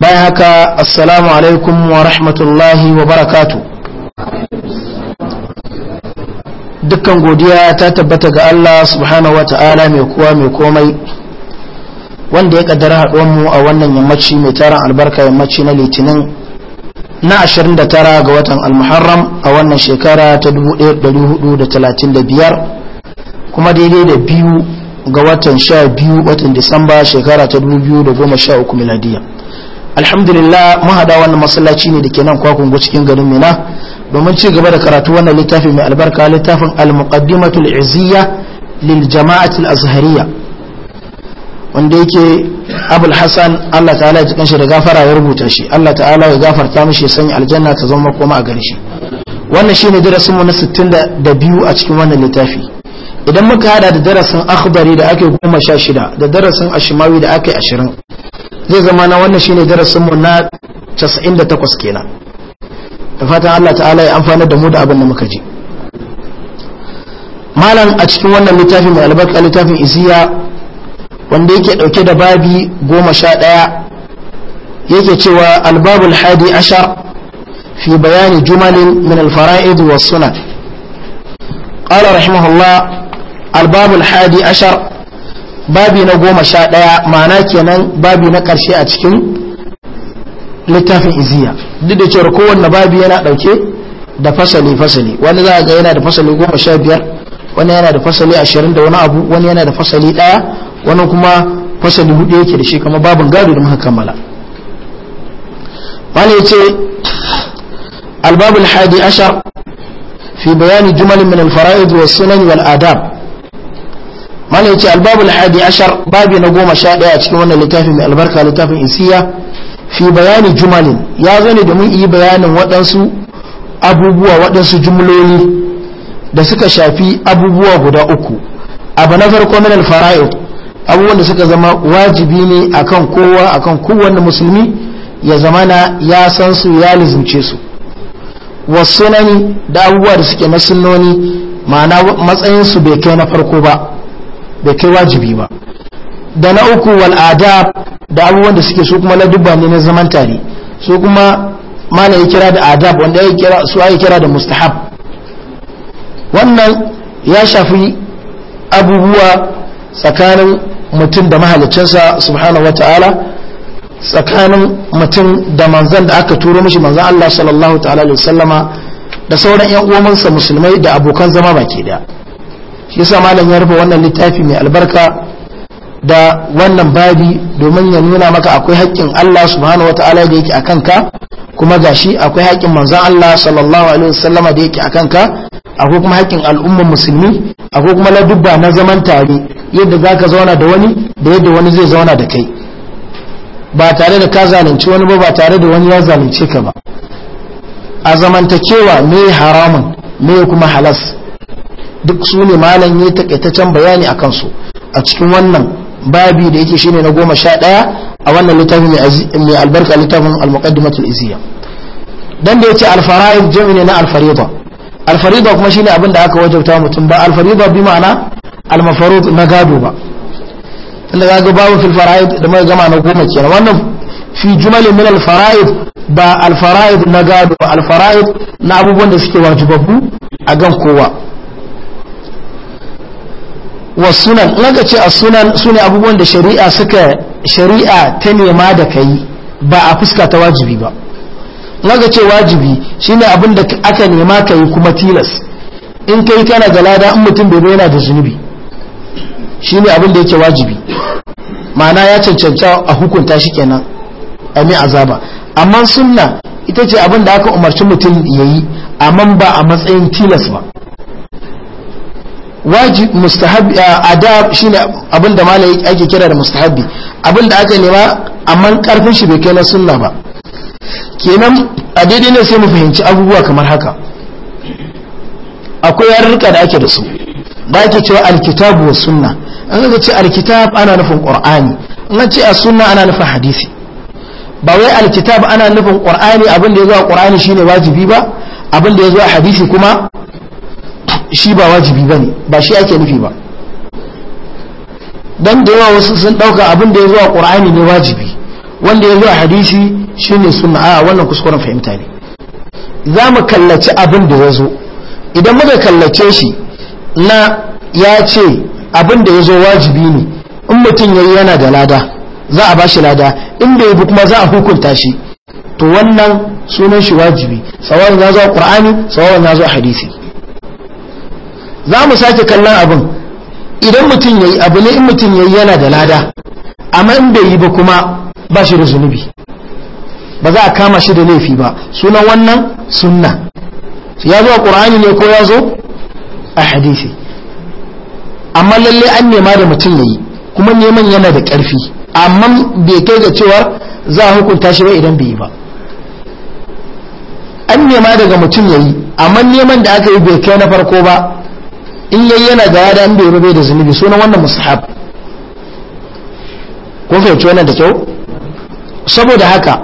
bayan haka assalamu alaikum wa rahmatullahi wa barakatu dukkan godiya ta tabbata ga Allah subhanahu wa ta'ala mai kowa mai komai wanda ya kaddara haɗuwanmu a wannan yammaci mai taron albarka yammaci na litinin na 29 ga watan almuharram a wannan shekara ta 1435 kuma daidai da biyu ga watan sha biyu watan disamba shekara ta 2013 miladiyya alhamdulillah mun hada wannan masallaci ne da ke nan kwakungu cikin garin mina domin ci gaba da karatu wannan littafi mai albarka littafin al-muqaddimatul iziyya lil jama'atul azhariya wanda yake abul hasan Allah ta'ala ji kanshi da gafara ya rubuta shi Allah ta'ala ya gafarta mishi ya sanya aljanna ta zama koma a gare shi wannan shine darasin mu na 62 a cikin wannan littafi idan muka hada da darasin akhbari da ake 16 da darasin ashimawi da ake 20 zai zama na wannan shine darasin mu na 98 kenan da fatan Allah ta'ala ya amfana da mu da abin da muka ji malam a cikin wannan littafin mai albarka littafin isiya wanda yake dauke da babi goma sha ɗaya yake cewa albabul hadi ashar fi bayani jumalin min alfara'id was sunan qala rahimahullah albabul hadi ashar babi na goma sha ɗaya ma'ana kenan babi na ƙarshe a cikin littafin iziya duk da cewar kowanne babi yana ɗauke da fasali-fasali wani za a ga yana da fasali goma sha biyar wani yana da fasali ashirin da wani abu wani yana da fasali ɗaya wani kuma fasali hudu yake da shi kama babin gado da muka kammala wani ya ce albabul hadi ashar fi bayani jumalin min alfara'id wa sunan wal adab malam yace albabul hadi ashar babi na goma sha ɗaya a cikin wannan littafin mai albarka littafin isiya fi bayani jumalin ya zo ne domin yi bayanin waɗansu abubuwa waɗansu jumloli da suka shafi abubuwa guda uku abu na farko min alfara'i abubuwan da suka zama wajibi ne akan kowa akan kowanne musulmi ya zamana ya san su ya lizumce su wasu da abubuwa da suke na sunnoni ma'ana matsayinsu bai kai na farko ba bai kai wajibi ba da na uku waladab da abubuwan da suke su kuma na dubba ne na zaman tare su kuma mana ya kira da adab wanda ya kira su ya kira da mustahab wannan ya shafi abubuwa tsakanin mutum da mahalicinsa subhanahu wataala tsakanin mutum da manzan da aka turo mishi manzan Allah sallallahu ta'ala da sauran 'yan uwansa musulmai da abokan zama baki daya shi yasa malam ya rufe wannan littafi mai albarka da wannan babi domin ya nuna maka akwai haƙƙin Allah subhanahu wataala da yake akan ka kuma gashi akwai haƙƙin manzon Allah sallallahu alaihi wasallam da yake akan ka akwai kuma haƙƙin al'ummar musulmi akwai kuma ladubba na zaman tare yadda zaka zauna da wani da yadda wani zai zauna da kai ba tare da ka zalunci wani ba ba tare da wani ya zalunce ka ba a zamantakewa me haramun me kuma halas duk su ne malam ya takaitaccen bayani a kansu a cikin wannan babi da yake shine na goma sha ɗaya a wannan littafin mai albarka littafin al-muqaddimatul isiya dan da yace al-fara'id ne na al-farida kuma shine abin da aka wajabta mutum ba al bi ma'ana al na gado ba tunda ga babu fil fara'id da mai gama na goma kenan wannan fi jumalin min al ba alfaraid na gado ba na abubuwan da suke wajibabu a gan kowa wa sunan in ka ce a sunan su abubuwan da shari'a suka shari'a ta nema da kai ba a fuska ta wajibi ba in aka ce wajibi shine abin da aka nema ka yi kuma tilas in kai kana da lada in mutum bai yana da zunubi shine abin da yake wajibi ma'ana ya cancanta a hukunta shi kenan a mai azaba amma sunna ita ce abin da aka umarci mutum ya yi amma ba a matsayin tilas ba wajib mustahabi adab shine abinda da malai ake kira da mustahabi abinda aka nema amma karfin shi bai kai na sunna ba kenan a daidai ne sai mu fahimci abubuwa kamar haka akwai yarurruka da ake da su ba ake cewa alkitabu wa sunna an ga ce alkitab ana nufin qur'ani an ce a sunna ana nufin hadisi ba wai alkitab ana nufin qur'ani abinda da yazo a qur'ani shine wajibi ba abinda da yazo a hadisi kuma shi ba wajibi ba ne ba shi ake nufi ba don da yawa wasu sun ɗauka abin da ya zuwa ƙur'ani ne wajibi wanda ya zuwa hadisi shi ne suna a wannan kuskuren fahimta ne za mu kallaci abin da ya zo idan muka kallace shi na ya ce abin da ya zo wajibi ne in mutum ya yi yana da lada za a ba shi lada in bai bi kuma za a hukunta shi to wannan sunan shi wajibi sawawan ya zo a ƙur'ani sawawan ya zo a hadisi za mu sake kallon abin idan mutum ya yi abu ne in mutum ya yi yana da lada amma in bai yi ba kuma ba shi da zunubi ba za a kama shi da laifi ba sunan wannan sunna ya zo a ƙur'ani ne ko ya zo a hadisi amma lalle an nema da mutum ya yi kuma neman yana da ƙarfi amma bai kai ga cewar za a hukunta shi ba idan bai yi ba an nema daga mutum ya yi amma neman da aka yi bai kai na farko ba in yayi yana da an in bai rubai da zunubi sunan wannan mustahab kun fahimci wannan da kyau saboda haka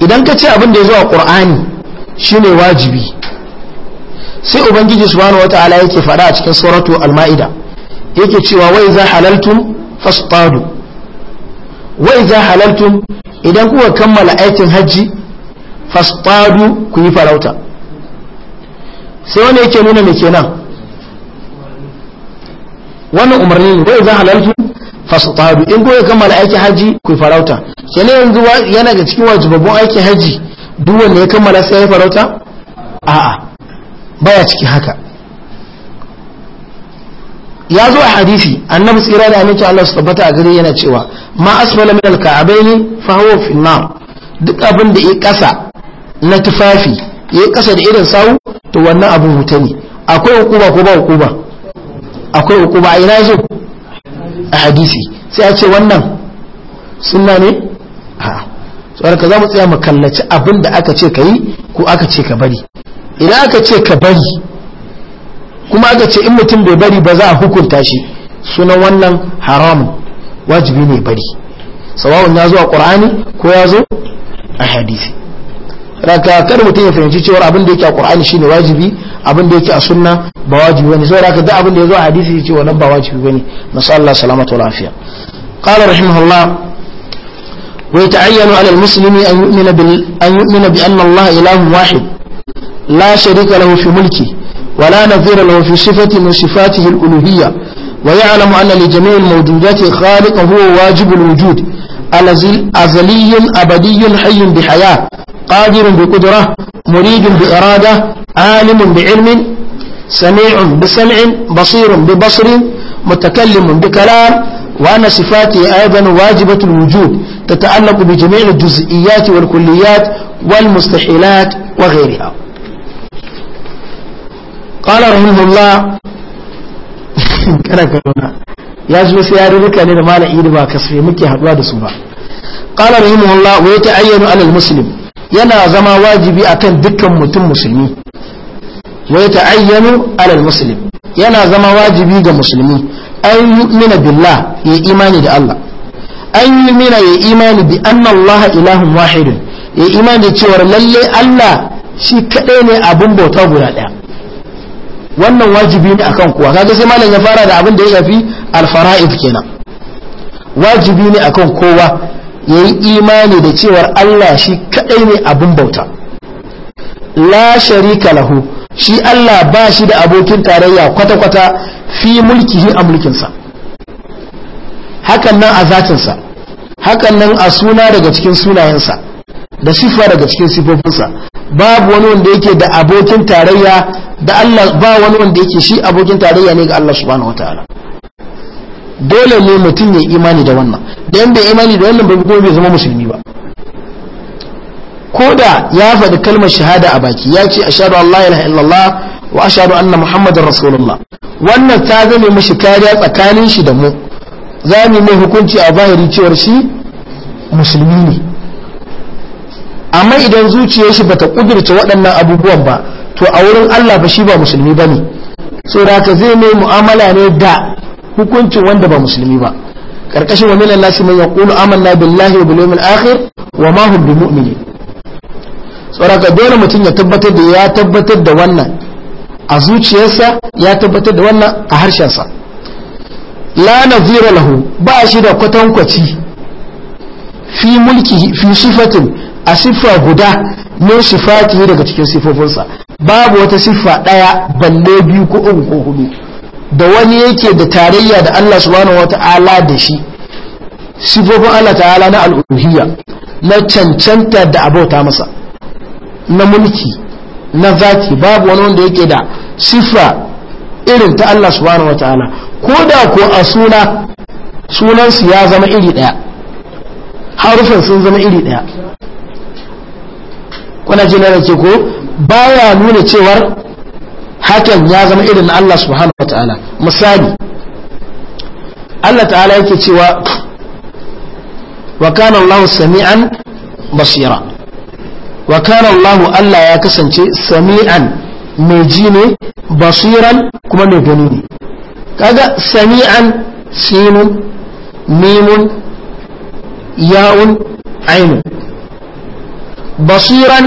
idan ka ce abin da ya zo a qur'ani shine wajibi sai ubangiji subhanahu wataala yake faɗa a cikin suratu al-ma'ida yake cewa wa idza halaltum fastadu wa idza halaltum idan kuka kammala aikin hajji fastadu ku yi farauta sai wani yake nuna me kenan wannan umarni ne ko za halaltu fasataru in ko ya kammala aikin haji ku farauta kenan yanzu yana ga cikin wajibabun aikin haji duk wanda ya kammala sai ya farauta a'a baya cikin haka ya zo a hadisi annabi tsira da aminci Allah su tabbata a gare yana cewa ma asfala min alka'abaini fa huwa fi nar duk abin da ya kasa na tufafi ya kasa da irin sawu to wannan abu mutane, ne akwai hukuma ko ba hukuma akwai uku ba ina zo a hadisi sai a ce wannan sunna ne ha tsawar ka za mu tsaya mu kallaci abin da aka ce ka yi ko aka ce ka bari idan aka ce ka bari kuma aka ce in mutum bai bari ba za a hukunta shi sunan wannan haramun wajibi ne bari sawa'un ya zo a ƙur'ani ko ya zo a hadisi raka kada mutum ya fahimci cewa abin da yake a qur'ani shine wajibi abin da yake a sunna ba wajibi bane sai raka duk abin da yazo a hadisi ce wannan ba wajibi bane nasa Allah salamatu wa lafiya qala rahimahullah wa yata'ayyanu 'ala al-muslimi an yu'mina bil an yu'mina bi anna Allah ilahun wahid la sharika lahu fi mulki ولا نظير له في صفة من صفاته الألوهية ويعلم أن لجميع الموجودات خالق هو واجب الوجود أزلي أبدي حي بحياة قادر بقدرة مريد بإرادة عالم بعلم سميع بسمع بصير ببصر متكلم بكلام وأن صفاته أيضا واجبة الوجود تتعلق بجميع الجزئيات والكليات والمستحيلات وغيرها قال رحمه الله ya zo sai ya rubuta ne da malam idi ba kasfe muke haduwa da su ba qala rahimahullah wa yata'ayyanu 'ala muslim yana zama wajibi akan dukkan mutum musulmi wa yata'ayyanu 'ala muslim yana zama wajibi ga musulmi an yu'mina billah ya imani da Allah yu'mina ya imani bi anna Allah ilahun wahidun ya imani da cewa lalle Allah shi kadai ne abun bauta guda daya wannan wajibi ne akan kowa kaga sai malam ya fara da abin da ya shafi al-fara'id kenan wajibi ne akan kowa yayi imani da cewar Allah shi kadai ne abin bauta la sharika lahu shi Allah ba shi da abokin tarayya kwata-kwata fi mulkihi a mulkinsa hakan nan a zatinsa hakan nan a suna daga cikin sunayensa da sifa daga cikin sifofinsa babu wani wanda yake da abokin tarayya da Allah ba wani wanda yake shi abokin tarayya ne ga Allah subhanahu wataala dole ne mutum ya imani da wannan dan bai imani da wannan ba kuma bai zama musulmi ba koda ya faɗi kalmar shahada a baki ya ce ashhadu an la ilaha illallah wa ashhadu anna muhammadar rasulullah wannan ta zame mashi kariya tsakanin shi da mu za mu mai hukunci a zahiri cewar shi musulmi ne amma idan zuciyar shi bata kudirce waɗannan abubuwan ba to a wurin Allah ba shi ba musulmi bane da ka zai mai mu'amala ne da hukuncin wanda ba musulmi ba karkashin wa minan nasi man yaqulu amanna billahi wa bil yawmil akhir wa ma hum mu'minin saboda dole mutum ya tabbatar da ya tabbatar da wannan a zuciyarsa ya tabbatar da wannan a harshensa la nazira lahu ba shi da kwatankwaci fi mulki fi sifatin a siffa guda min sifati daga cikin sifofinsa babu wata siffa ɗaya balle biyu ko uku ko hudu da wani yake da tarayya da Allah subhanahu wata'ala da shi sifofin Allah ta'ala na al'uluhiyya na cancanta da abota masa na mulki na zaki babu wani wanda yake da siffa irin ta Allah subhanahu wata'ala ko da ko a suna sunansu ya zama iri ɗaya harufin sun zama iri ɗaya Mana ji na ko baya nuna cewar hakan ya zama irin na Allah subhanahu wa ta'ala misali Allah ta'ala yake cewa wa kana Allah sami'an basira wa kana Allah Allah ya kasance sami'an mai ji ne basiran kuma mai gani ne kaga sami'an sinun mimun ya'un ainun basiran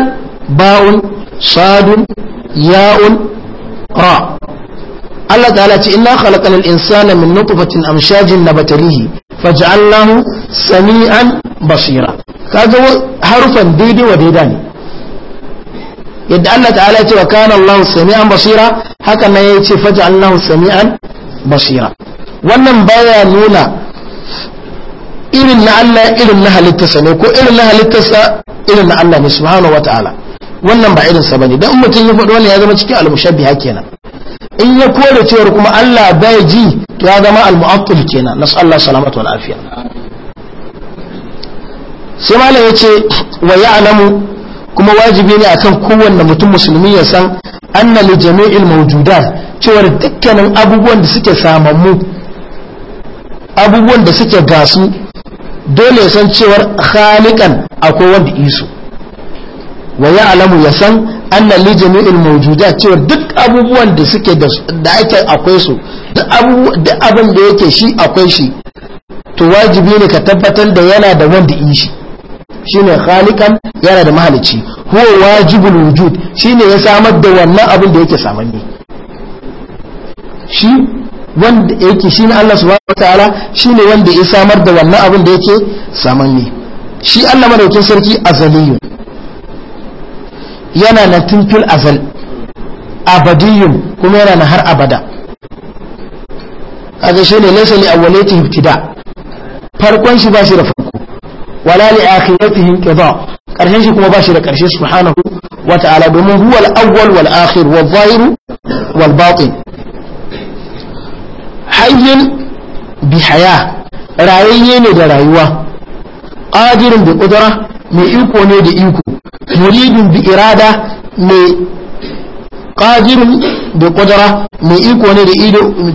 ba'un sadun ya'un ra Allah ta'ala ce inna khalaqal insana min nutfatin na nabtalihi faj'alnahu sami'an basira kaga harfan daidai wa daida ne yadda Allah ta'ala ya ce wa kana Allah sami'an basira haka na ya ce faj'alnahu sami'an basira wannan baya nuna irin na Allah irin na halittarsa ne ko irin na halittarsa irin na Allah ne subhanahu ta'ala wannan ba irin sa bane dan mutum ya faɗi wannan ya zama cikin al-mushabbiha kenan in ya kore cewar kuma Allah bai ji to ya zama al-mu'attil kenan nasu Allah salamatu wal afiya sai malam ce wa ya'lamu kuma wajibi ne akan kowanne mutum musulmi ya san anna li jami'il mawjudat cewar dukkanin abubuwan da suke samammu abubuwan da suke gasu dole san cewar khalikan akwai wanda isu wa ya alamu ya san annan lijami ilmaujuda cewar duk abubuwan da suke da ake akwai su duk abin da yake shi akwai shi to wajibi ne ka tabbatar da yana da wanda ishi shine khalikan yana da mahalici huwa wajibul wujud shine ya samar da wannan abin da yake samanni shi wanda yake shi ne Allah subhanahu wa ta'ala shi ne wanda ya samar da wannan abin da yake samanni shi Allah madaukin sarki azaliyun yana na tuntun azal abadiyun kuma yana na har abada kaga shi ne laysa li awwalati ibtida farkon shi ba shi da farko wala li akhiratihi qada karshen shi kuma ba shi da karshe subhanahu wa ta'ala domin huwa al-awwal wal akhir wal zahir wal batin hayyin bi haya rayayye ne da rayuwa qadirin bi qudra mai iko ne da iko muridin bi irada mai qadirun bi mai iko ne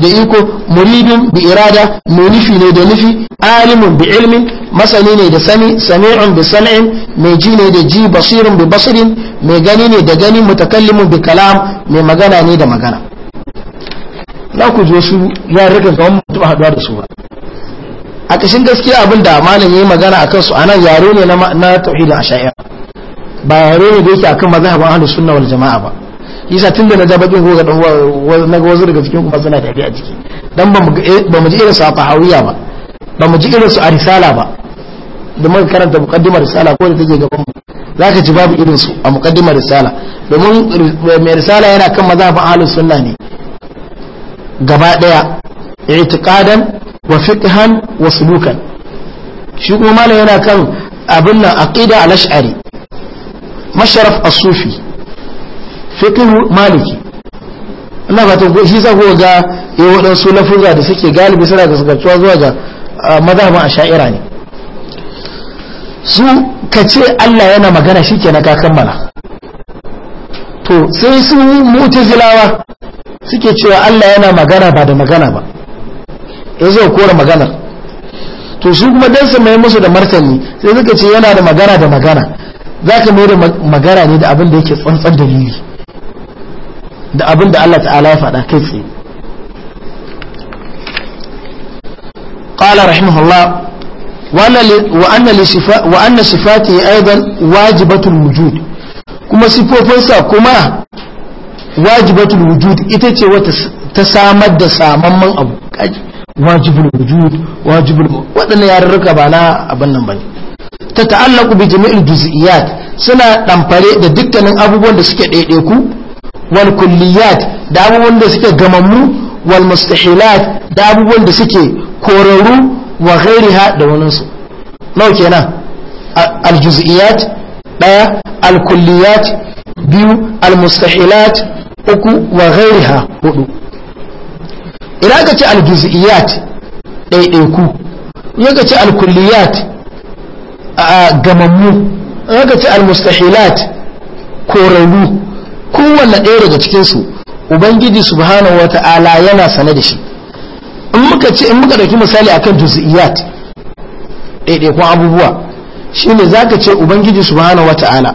da iko muridin bi irada mai nufi ne da nufi alimin bi ilmin masani ne da sani sami'un bi sam'in mai ji ne da ji basirin bi basirin mai gani ne da gani mutakallimun bi kalam mai magana ne da magana za ku ji wasu yarurrukan kamar mutum haɗuwa da su ba a ƙashin gaskiya abin da malam yi magana a kansu a nan yaro ne na tauhidin sha'ir ba yaro ne da yake akan mazhabin ahlus sunna wal jama'a ba tun da na jabakin ko ga dan na ga wasu daga cikin kuma suna tafi a ciki dan eh, ba mu ji irin su a fahawiya ba ba mu ji irin su a risala ba da muka karanta mukaddimar risala ko da take gaban mu zaka ji babu irin su a mukaddimar risala domin eh, mai risala yana kan mazhabin ahlus sunna ne gaba ɗaya i'tiqadan wa fiqhan wa sulukan shi kuma malam yana kan abin nan aqida al-ash'ari masharaf as-sufi fiqh maliki ina ba ta shi za ku ga yayin eh, wadansu lafuza da suke galibi suna gaskantuwa zuwa ga a ah, sha'ira ne su ka ce Allah yana magana shi ke na kakan mana to sai su mutazilawa suke cewa Allah yana magana ba da magana ba ya zai kora maganar to su kuma dan su mai musu da martani sai suka ce yana da magana da magana za ka mai da magana ne da abin da yake tsantsan dalili da abin da Allah ta'ala ya faɗa kai tsaye قال رحمه الله وأن صفاته أيضا واجبة الوجود كما صفوفنسا كما wajibatul wujud ita ce wata ta samar da samamman abu kaji wajibul wujud wajibul waɗannan yarurruka ba na abin nan bane ta ta'allaku bi jami'il juz'iyat suna ɗamfare da dukkanin abubuwan da suke ɗaiɗaiku wal kulliyat da abubuwan da suke gamammu wal mustahilat da abubuwan da suke kororu wa ghairiha da waninsu nau kenan al juz'iyat daya al kulliyat biyu al mustahilat uku wa ghairiha hudu idan ka ce al-juz'iyat ɗaiɗaiku idan ka ce alkulliyat a gamammu idan ka ce almustahilat mustahilat korarru ɗaya daga cikinsu su ubangiji subhanahu wata'ala yana sane da shi in muka ce in muka dauki misali akan juz'iyat ɗaiɗaikun abubuwa shine zaka ce ubangiji subhanahu wata'ala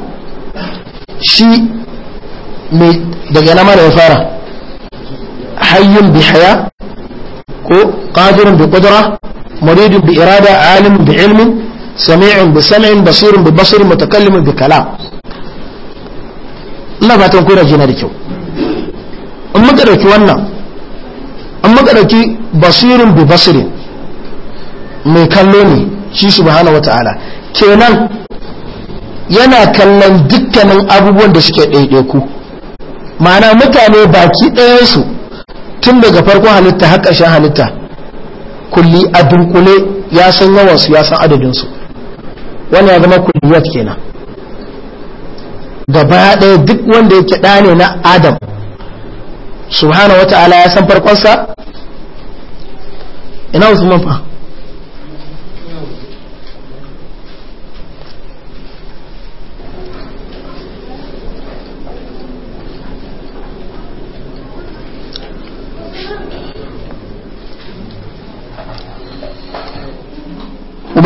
shi daga yana mana ya fara hayyun bi haya ko qadirun bi qudra muridun bi irada alimun bi ilmin sami'un bi sam'in basirun bi basirin mutakallimun bi kalam ta ku kuna jina da kyau in muka dauki wannan in muka dauki basirun bi basirin mai kallo ne shi subhanahu wataala kenan yana kallon dukkanin abubuwan da suke ɗaiɗaiku ma'ana mutane baki ɗayansu tun daga farkon halitta har ƙarshen halitta kulli a dunkule ya san yawansu ya san adadinsu wani ya zama kulliyat kenan gaba ɗaya duk wanda yake ɗa ne na adam subhanahu wata'ala ya san farkonsa ina usman fa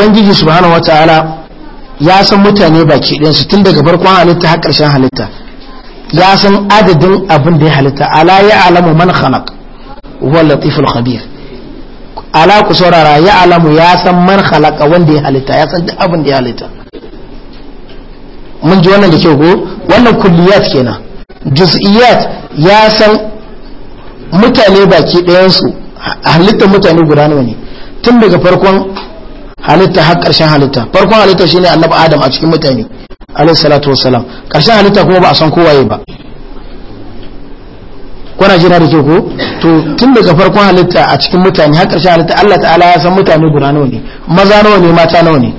ubangiji subhanahu wataala ya san mutane baki ɗinsu tun daga farkon halitta har ƙarshen halitta ya san adadin abin da ya halitta ala ya alamu man khalaq huwa latiful khabir ala ku saurara ya alamu ya san man khalaq wanda ya halitta ya san duk abin da ya halitta mun ji wannan da kyau ko wannan kulliyat kenan juz'iyat ya san mutane baki ɗayansu halittar mutane guda nawa ne tun daga farkon halitta har ƙarshen halitta farkon halitta shine annabi adam a cikin mutane alayhi salatu wassalam ƙarshen halitta kuma ba a san kowaye ba kuna jira da ke ko to tun daga farkon halitta a cikin mutane har ƙarshen halitta Allah ta'ala ya san mutane guda nawa ne maza nawa ne mata nawa ne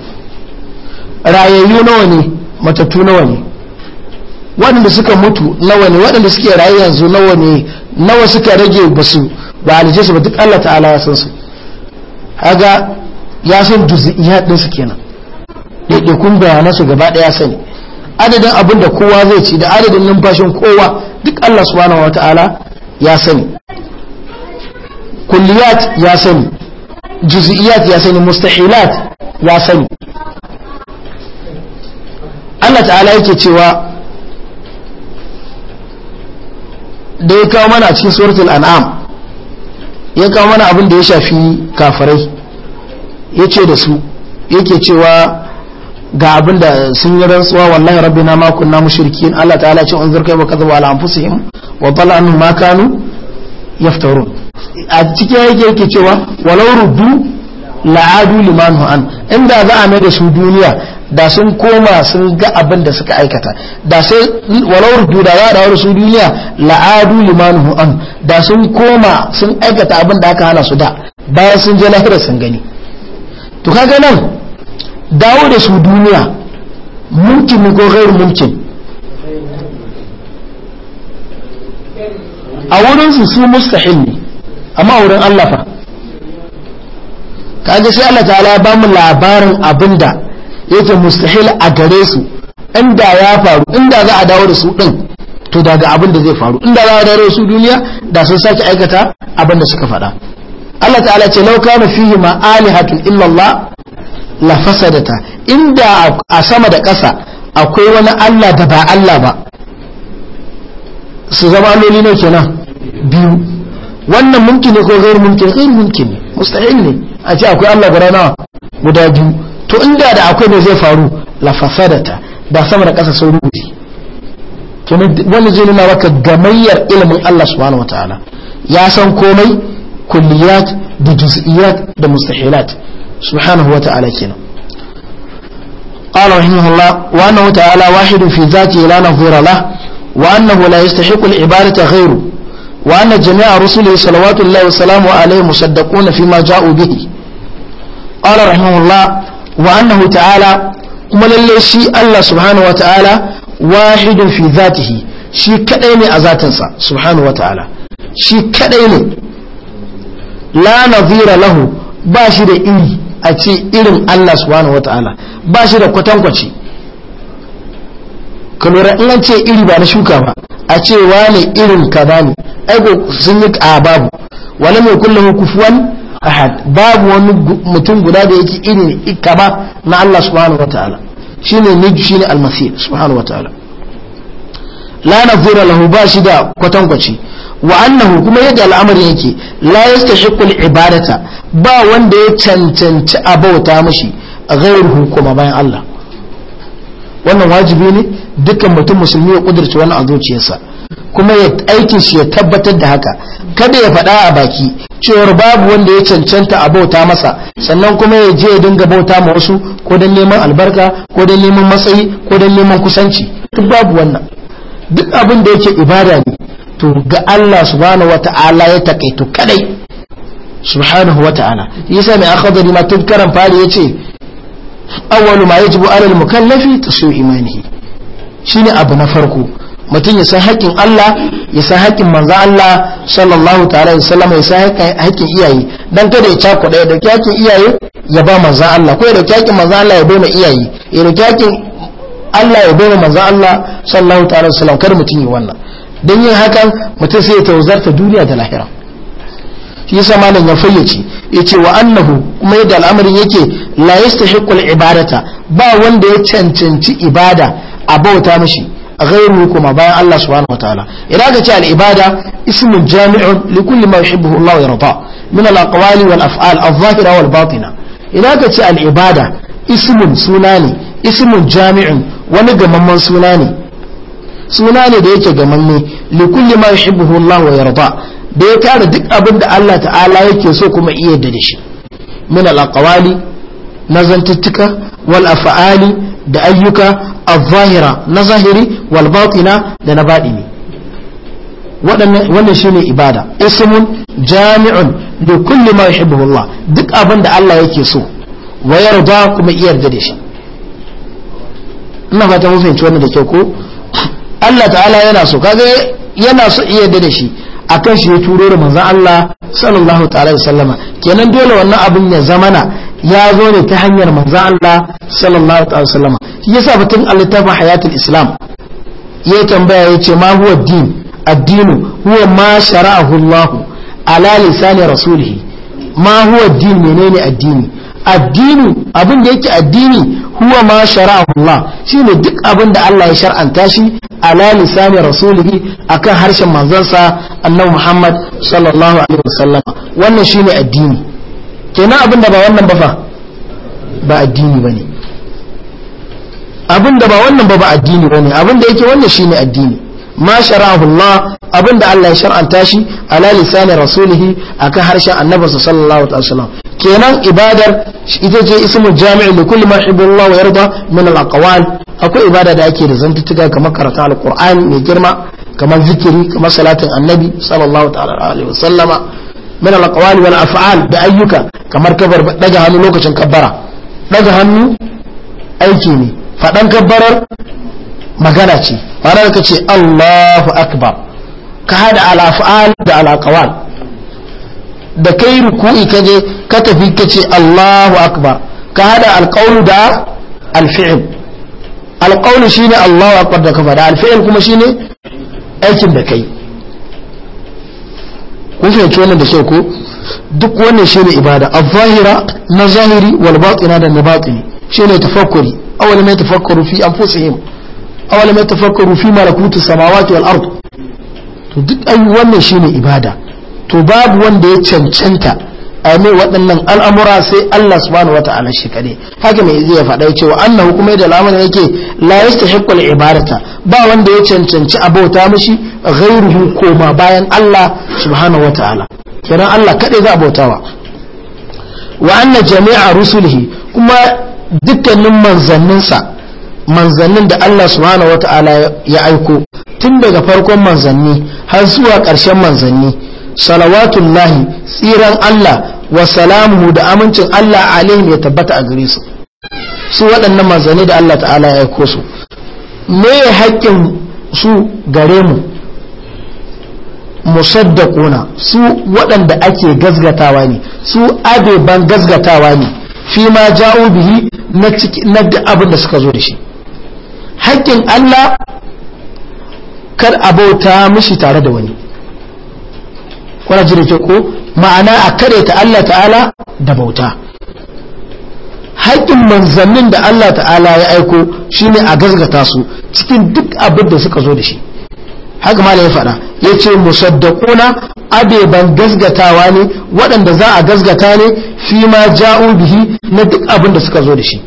rayayyu nawa ne matattu nawa ne waɗanda suka mutu nawa ne waɗanda suke raye yanzu nawa ne nawa suka rage basu? ba halice su ba duk Allah ta'ala ya san su haga ya san juz'iyat din su kenan ɗaiɗaikun bayanan su gaba ɗaya sani adadin abin da kowa zai ci da adadin numfashin kowa duk Allah subhanahu wata'ala ya sani kulliyat ya sani juz'iyat ya sani mustahilat ya sani Allah ta'ala yake cewa da ya kawo mana cikin suratul an'am ya kawo mana abin da ya shafi kafirai Ya ce da su yake cewa ga abin da sun yi rantsuwa wallahi na ma kunna mushrikin Allah ta'ala ce unzur kai wa al'amfu ala anfusihim wa dalla makanu ya kanu yaftarun a cikin yake yake cewa walau rubu la'adu limanu an inda za a mai da su duniya da sun koma sun ga abin da suka aikata da sai walau rubu da za a su duniya la'adu limanu an da sun koma sun aikata abin da aka hana su da bayan sun je lahira sun gani to kaga nan dawo da su duniya mumkin ko gairu mumkin a wurinsu su mustahil ne amma a wurin Allah fa kaga sai Allah ta'ala ba mu labarin abinda yake mustahil a gare su inda ya faru inda za a dawo da su din to daga abinda zai faru inda za a dawo da su duniya da sun sake aikata abinda suka faɗa Allah ta'ala ce lauka kana fiye ma alihatun illa Allah la fasadata inda a sama da ƙasa akwai wani Allah da ba Allah ba su zama aloli ne kenan biyu wannan mumkin ne ko gairu mumkin gairu mumkin ne mustahil ne a ce akwai Allah guda nawa guda biyu to inda da akwai ne zai faru la fasadata da sama da ƙasa sun rubuce kenan wani zai nuna maka gamayyar ilimin Allah subhanahu wataala ya san komai kulliyat da juz'iyat da mustahilat subhanahu wa ta'ala kenan قال رحمه الله وأنه تعالى واحد في ذاته لا نظير له وأنه لا يستحق العبادة غيره وأن جميع رسله صلوات الله وسلامه عليه مصدقون فيما جاءوا به قال رحمه الله وأنه تعالى كما للشي الله سبحانه وتعالى واحد في ذاته شي كدين أذاتنسا سبحانه وتعالى شي كدين la nazira lahu ba shi da iri a ce irin Allah subhanahu wata'ala ba shi da kwatankwaci ka lura in an ce iri ba na shuka ba a ce wane irin kaza ne aiko sun yi a babu wani mai kullum kufuwan ahad babu wani mutum guda da yake irin ikaba na Allah subhanahu wata'ala shine shi ne almasir subhanahu wata'ala la nazira lahu ba shi da kwatankwaci wa annahu kuma yadda al'amarin yake la yastahiqu al-ibadata ba wanda ya cancanci abauta mishi ghairuhu hukuma bayan Allah wannan wajibi ne dukkan mutum musulmi ya kudurci wannan a zuciyarsa kuma ya aikin shi ya tabbatar da haka kada ya faɗa a baki cewar babu wanda ya cancanta a bauta masa sannan kuma ya je ya dinga bauta ma wasu ko don neman albarka ko don neman matsayi ko don neman kusanci duk babu wannan duk abin da yake ibada ne to ga Allah subhanahu wata'ala ya takaitu kadai subhanahu wata'ala yasa mai akhadari ma tun karan fari yace awwalu ma yajibu alal mukallafi tasu imanihi shine abu na farko mutum ya san haƙƙin Allah ya san haƙƙin manzo Allah sallallahu ta'ala alaihi wasallam ya san haƙƙin iyaye dan kada ya cako da ya dauki haƙƙin iyaye ya ba manzo Allah ko ya dauki haƙƙin manzo Allah ya bai iyaye ya dauki haƙƙin Allah ya bai ma manzo Allah sallallahu ta'ala alaihi wasallam kada mutum ya wannan don yin hakan mutum sai ya tauzarta duniya da lahira shi yasa malam ya fayyace yace wa annahu kuma yadda al'amarin yake la yastahiqu ibadata ba wanda ya cancanci ibada a bauta mishi ghairu kuma bayan Allah subhanahu wataala idan ka ce al-ibada ismun jami'un li kulli ma yuhibbu Allah wa yarda min al-aqwali wal af'al adh-dhahira wal batina idan ka ce al-ibada ismun suna ne ismun jami'un wani gamamman suna ne suna ne da yake da li kulli ma yuhibbuhu Allah wa yarda da ya kare duk abin da Allah ta'ala yake so kuma iya da shi min al-aqwali nazantittika wal af'ali da ayyuka al-zahira na zahiri wal batina da na batini wannan shine ibada ismun jami'un da kulli ma yuhibbuhu Allah duk abin da Allah yake so wa yarda kuma iya da shi ina fata mun fahimci wannan da kyau ko Allah ta'ala yana so kaga yana so iya da shi akan shi ya turo da manzon Allah sallallahu ta'ala wa wasallama kenan dole wannan abin ya zamana ya zo ne ta hanyar manzon Allah sallallahu ta'ala alaihi wasallama yasa batun al-littafin hayatul islam ya tambaya ya ce ma huwa din addinu huwa ma shara'ahu Allah ala lisani rasulihi ma huwa din menene addini addinu abin da yake addini huwa ma shara'ullah shine duk abin da Allah ya shar'anta shi ala lisani rasulihi akan harshen manzansa annabi Muhammad sallallahu alaihi wasallam wannan shine addini kenan abin da ba wannan ba fa ba addini bane abin da ba wannan ba ba addini bane abin da yake wannan shine addini ma shara'ullah abin da Allah ya shar'anta shi ala lisanin rasulihi akan harshen annabinsa sallallahu alaihi wasallam kenan ibadar ita ce ismul jami'i li kulli ma yuhibbullahu wa yarda min al-aqwal akwai ibada da ake da zantuttuka kamar karatu al-qur'ani mai girma kamar zikiri kamar salatin annabi sallallahu ta'ala alaihi wasallama min al-aqwal wal af'al da ayyuka kamar kabar daga hannu lokacin kabbara daga hannu aiki ne fadan kabbarar magana ce ba da ce Allahu akbar ka hada al'af'al da al'aqwal da kai ruku'i ka je ka tafi ka ce Allahu akbar ka hada alqawl da alfi'l alqawl shine Allahu akbar da ka fada alfi'l kuma shi ne. aikin da kai kun fahimci wannan da kyau ko duk wannan shine ibada al-zahira na zahiri wal batina da na batini shine tafakkuri awali ma tafakkaru fi anfusihim awali ma tafakkaru fi malakuti samawati wal ardh to duk ayi wannan shine ibada to babu wanda ya cancanta a mai waɗannan al'amura sai Allah subhanahu wa ta'ala shi kaɗai haka mai zai faɗa ya ce wa annahu kuma da lamarin yake la yastahiqqu al-ibadata ba wanda ya cancanci abota mishi ko koma bayan Allah subhanahu wa ta'ala Allah kaɗai za a bauta wa anna jami'a rusulihi kuma dukkanin manzanninsa manzannin da Allah subhanahu wata'ala ya aiko tun daga farkon manzanni har zuwa ƙarshen manzanni salawatullahi tsiran Allah wa salamu da amincin Allah Alayhi ya tabbata a gare su su waɗannan manzanni da Allah ta'ala ya aiko su me ya haƙƙin su gare mu musaddaquna su waɗanda ake gazgatawa ne su abeban gazgatawa ne fi ma ja'u bihi na abin da suka zo da shi haƙƙin Allah kar a bauta mishi tare da wani kuna jira ke ko ma'ana a kare ta Allah ta'ala da bauta haƙƙin manzannin da Allah ta'ala ya aiko shine a gazgata su cikin duk abin da suka zo da shi haka malam ya faɗa ya ce musaddaquna abeban gazgatawa ne waɗanda za a gazgata ne fi ma ja'u bihi na duk abin da suka zo da shi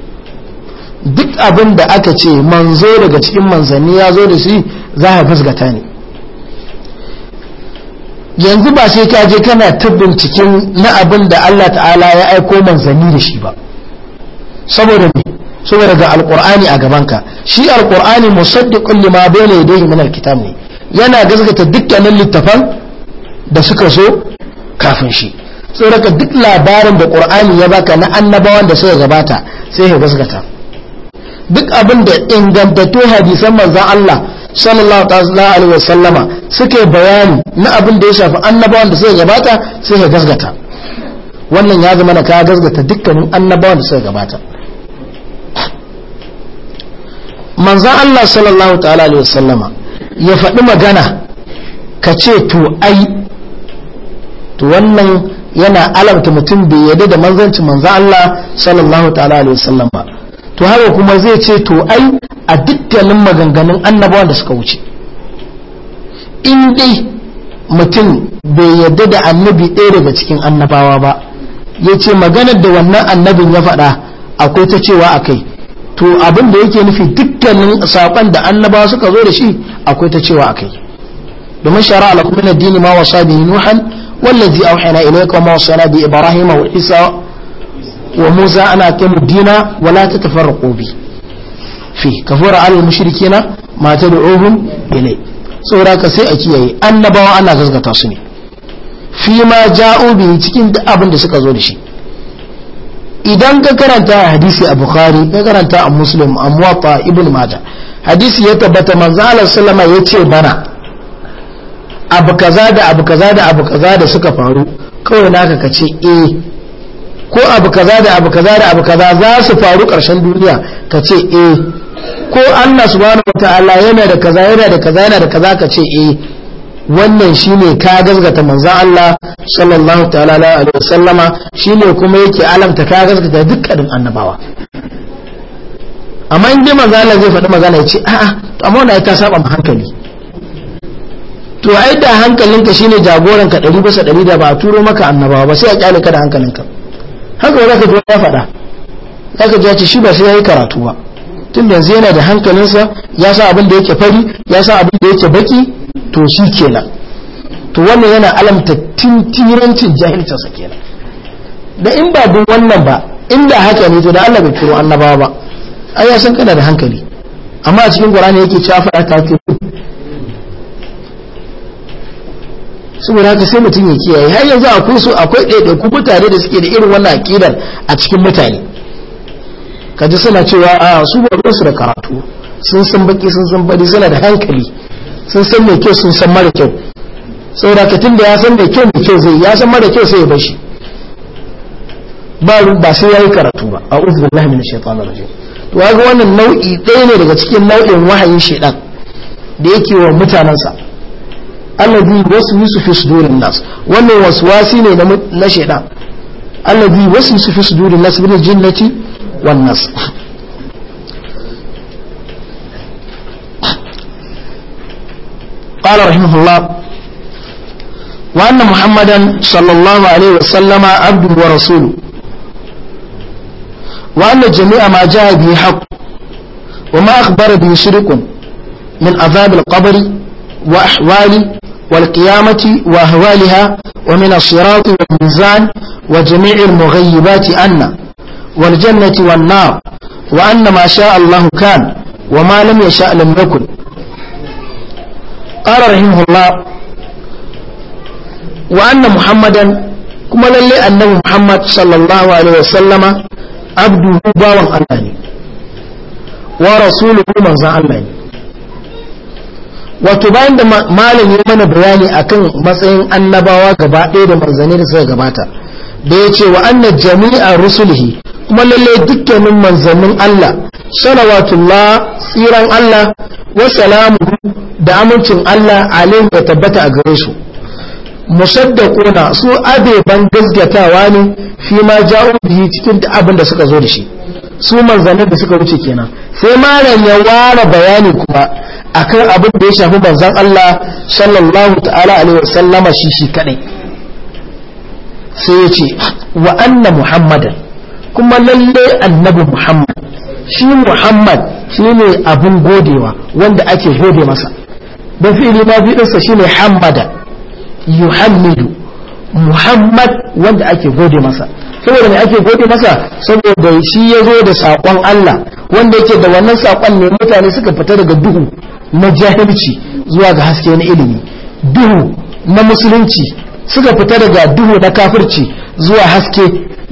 duk abin da aka ce manzo daga cikin manzanni ya zo da shi za a fusgata ne yanzu ba sai ka je kana ta cikin na abin da Allah ta'ala ya aiko manzanni da shi ba saboda ne saboda ga alkur'ani a gabanka shi alkur'ani musaddiqun lima bayna yadayhi min alkitab ne yana gaskata dukkanin littafan da suka zo kafin shi saboda duk labarin da qur'ani ya baka na annabawan da suka gabata sai ya gaskata duk abin da ingantattu hadisan manzan Allah sallallahu alaihi sallama suke bayani na abin da ya shafi annabawan da suka gabata sai ka gasgata wannan ya zama na ka gasgata dukkanin annabawan da suka gabata manzan Allah sallallahu ta'ala wa sallama ya faɗi magana ka ce to ai to wannan yana alamta mutum da yadda da manzanci manzan Allah sallallahu ta'ala wa sallama to haka kuma zai ce to ai a dukkanin maganganun annabawan da suka wuce in dai mutum bai yadda da annabi ɗaya daga cikin annabawa ba ya ce maganar da wannan annabin ya faɗa akwai ta cewa a kai to abin da yake nufi dukkanin saƙon da annabawa suka zo da shi akwai ta cewa a kai domin shara alakumin addini ma wasa bi nuhan wallazi auhana ilayka ma wasana bi ibrahima wa isa wa musa ana ta dina wala ta tafarraqu bi fi kafara al mushrikina ma tad'uhum ilay saboda ka sai a kiyaye annabawa ana zazgata su ne fi ma ja'u cikin duk abin da suka zo da shi idan ka karanta a hadisi a bukhari ka karanta a muslim a muwatta ibn maja hadisi ya tabbata manzo Allah sallama ce bana abu kaza da abu kaza da abu kaza da suka faru kawai naka kace eh ko abu kaza da abu kaza da abu kaza za su faru ƙarshen duniya ka ce eh ko Allah subhanahu wataala yana da kaza yana da kaza yana da kaza ka ce eh wannan shine ka gazgata manzon Allah sallallahu ta'ala alaihi wasallama shine kuma yake alamta ka gazgata dukkanin annabawa amma inda manzo Allah zai faɗi magana ya ce a'a to amma wannan ta saba hankali to ai da hankalinka shine jagoranka 100 bisa 100 da ba a turo maka annabawa ba sai a kyale ka da hankalinka haka za ka ji ya faɗa za ka ji shi ba sai ya yi karatu ba tun da yanzu yana da hankalinsa ya sa abin da yake fari ya sa abin da yake baki to shi kenan to wannan yana alamta tintirancin jahilcinsa kenan da in ba bin wannan ba inda haka ne to da Allah bai turo annaba ba ai ya kana da hankali amma a cikin Qur'ani yake cewa fa ta turu saboda haka sai mutum ya kiyaye har yanzu akwai su akwai ɗaiɗaiku mutane da suke da irin wannan aƙidar a cikin mutane kaji suna cewa a su ba su da karatu sun san baki sun san bari suna da hankali sun san mai kyau sun san mara kyau saboda ka tunda ya san mai kyau mai kyau zai ya san mara kyau sai ya bar shi ba ba sai yayi karatu ba a uzu billahi minash shaitanir rajim to ga wannan nau'i ɗaya ne daga cikin nau'in wahayin shaitan da yake wa mutanansa alladhi yuwaswisu fi sudurin nas wannan waswasi ne na na shaytan alladhi yuwaswisu fi sudurin nas min jinnati wan nas قال رحمه الله وأن محمدا صلى الله عليه وسلم عبد ورسول وأن جميع ما جاء به حق وما أخبر به شرك من عذاب القبر وأحوال والقيامة وأهوالها ومن الصراط والميزان وجميع المغيبات عنا والجنة والنار وأن ما شاء الله كان وما لم يشاء لم يكن قال رحمه الله وأن محمدا كما للي أنه محمد صلى الله عليه وسلم عبده باوان الله ورسوله من زعلني wato bayan da malam ya mana bayani akan matsayin annabawa gaba ɗaya da manzanni da suka gabata da ya ce wa anna jami'a rusulhi kuma lalle dukkanin manzannin Allah salawatullah tsiran Allah wa salamu da amincin Allah alaihi ya tabbata a gare su musaddaquna su abeban gaskatawa ne fi ma ja'u bihi cikin abin da suka zo da shi su manzannin da suka wuce kenan sai malam ya ware bayani kuma akan abin da ya shafi manzan Allah sallallahu ta'ala alaihi sallama shi shi kadai sai ya ce wa anna muhammadan kuma lalle annabi muhammad shi muhammad shi ne abin godewa wanda ake gode masa don fi'ili ma dinsa shi ne hamada yuhammidu muhammad wanda ake gode masa saboda mai ake gode masa saboda shi ya zo da saƙon Allah wanda yake da wannan saƙon ne mutane suka fita daga duhu na jahilci zuwa ga haske na ilimi duhu na musulunci suka fita daga duhu na kafirci zuwa haske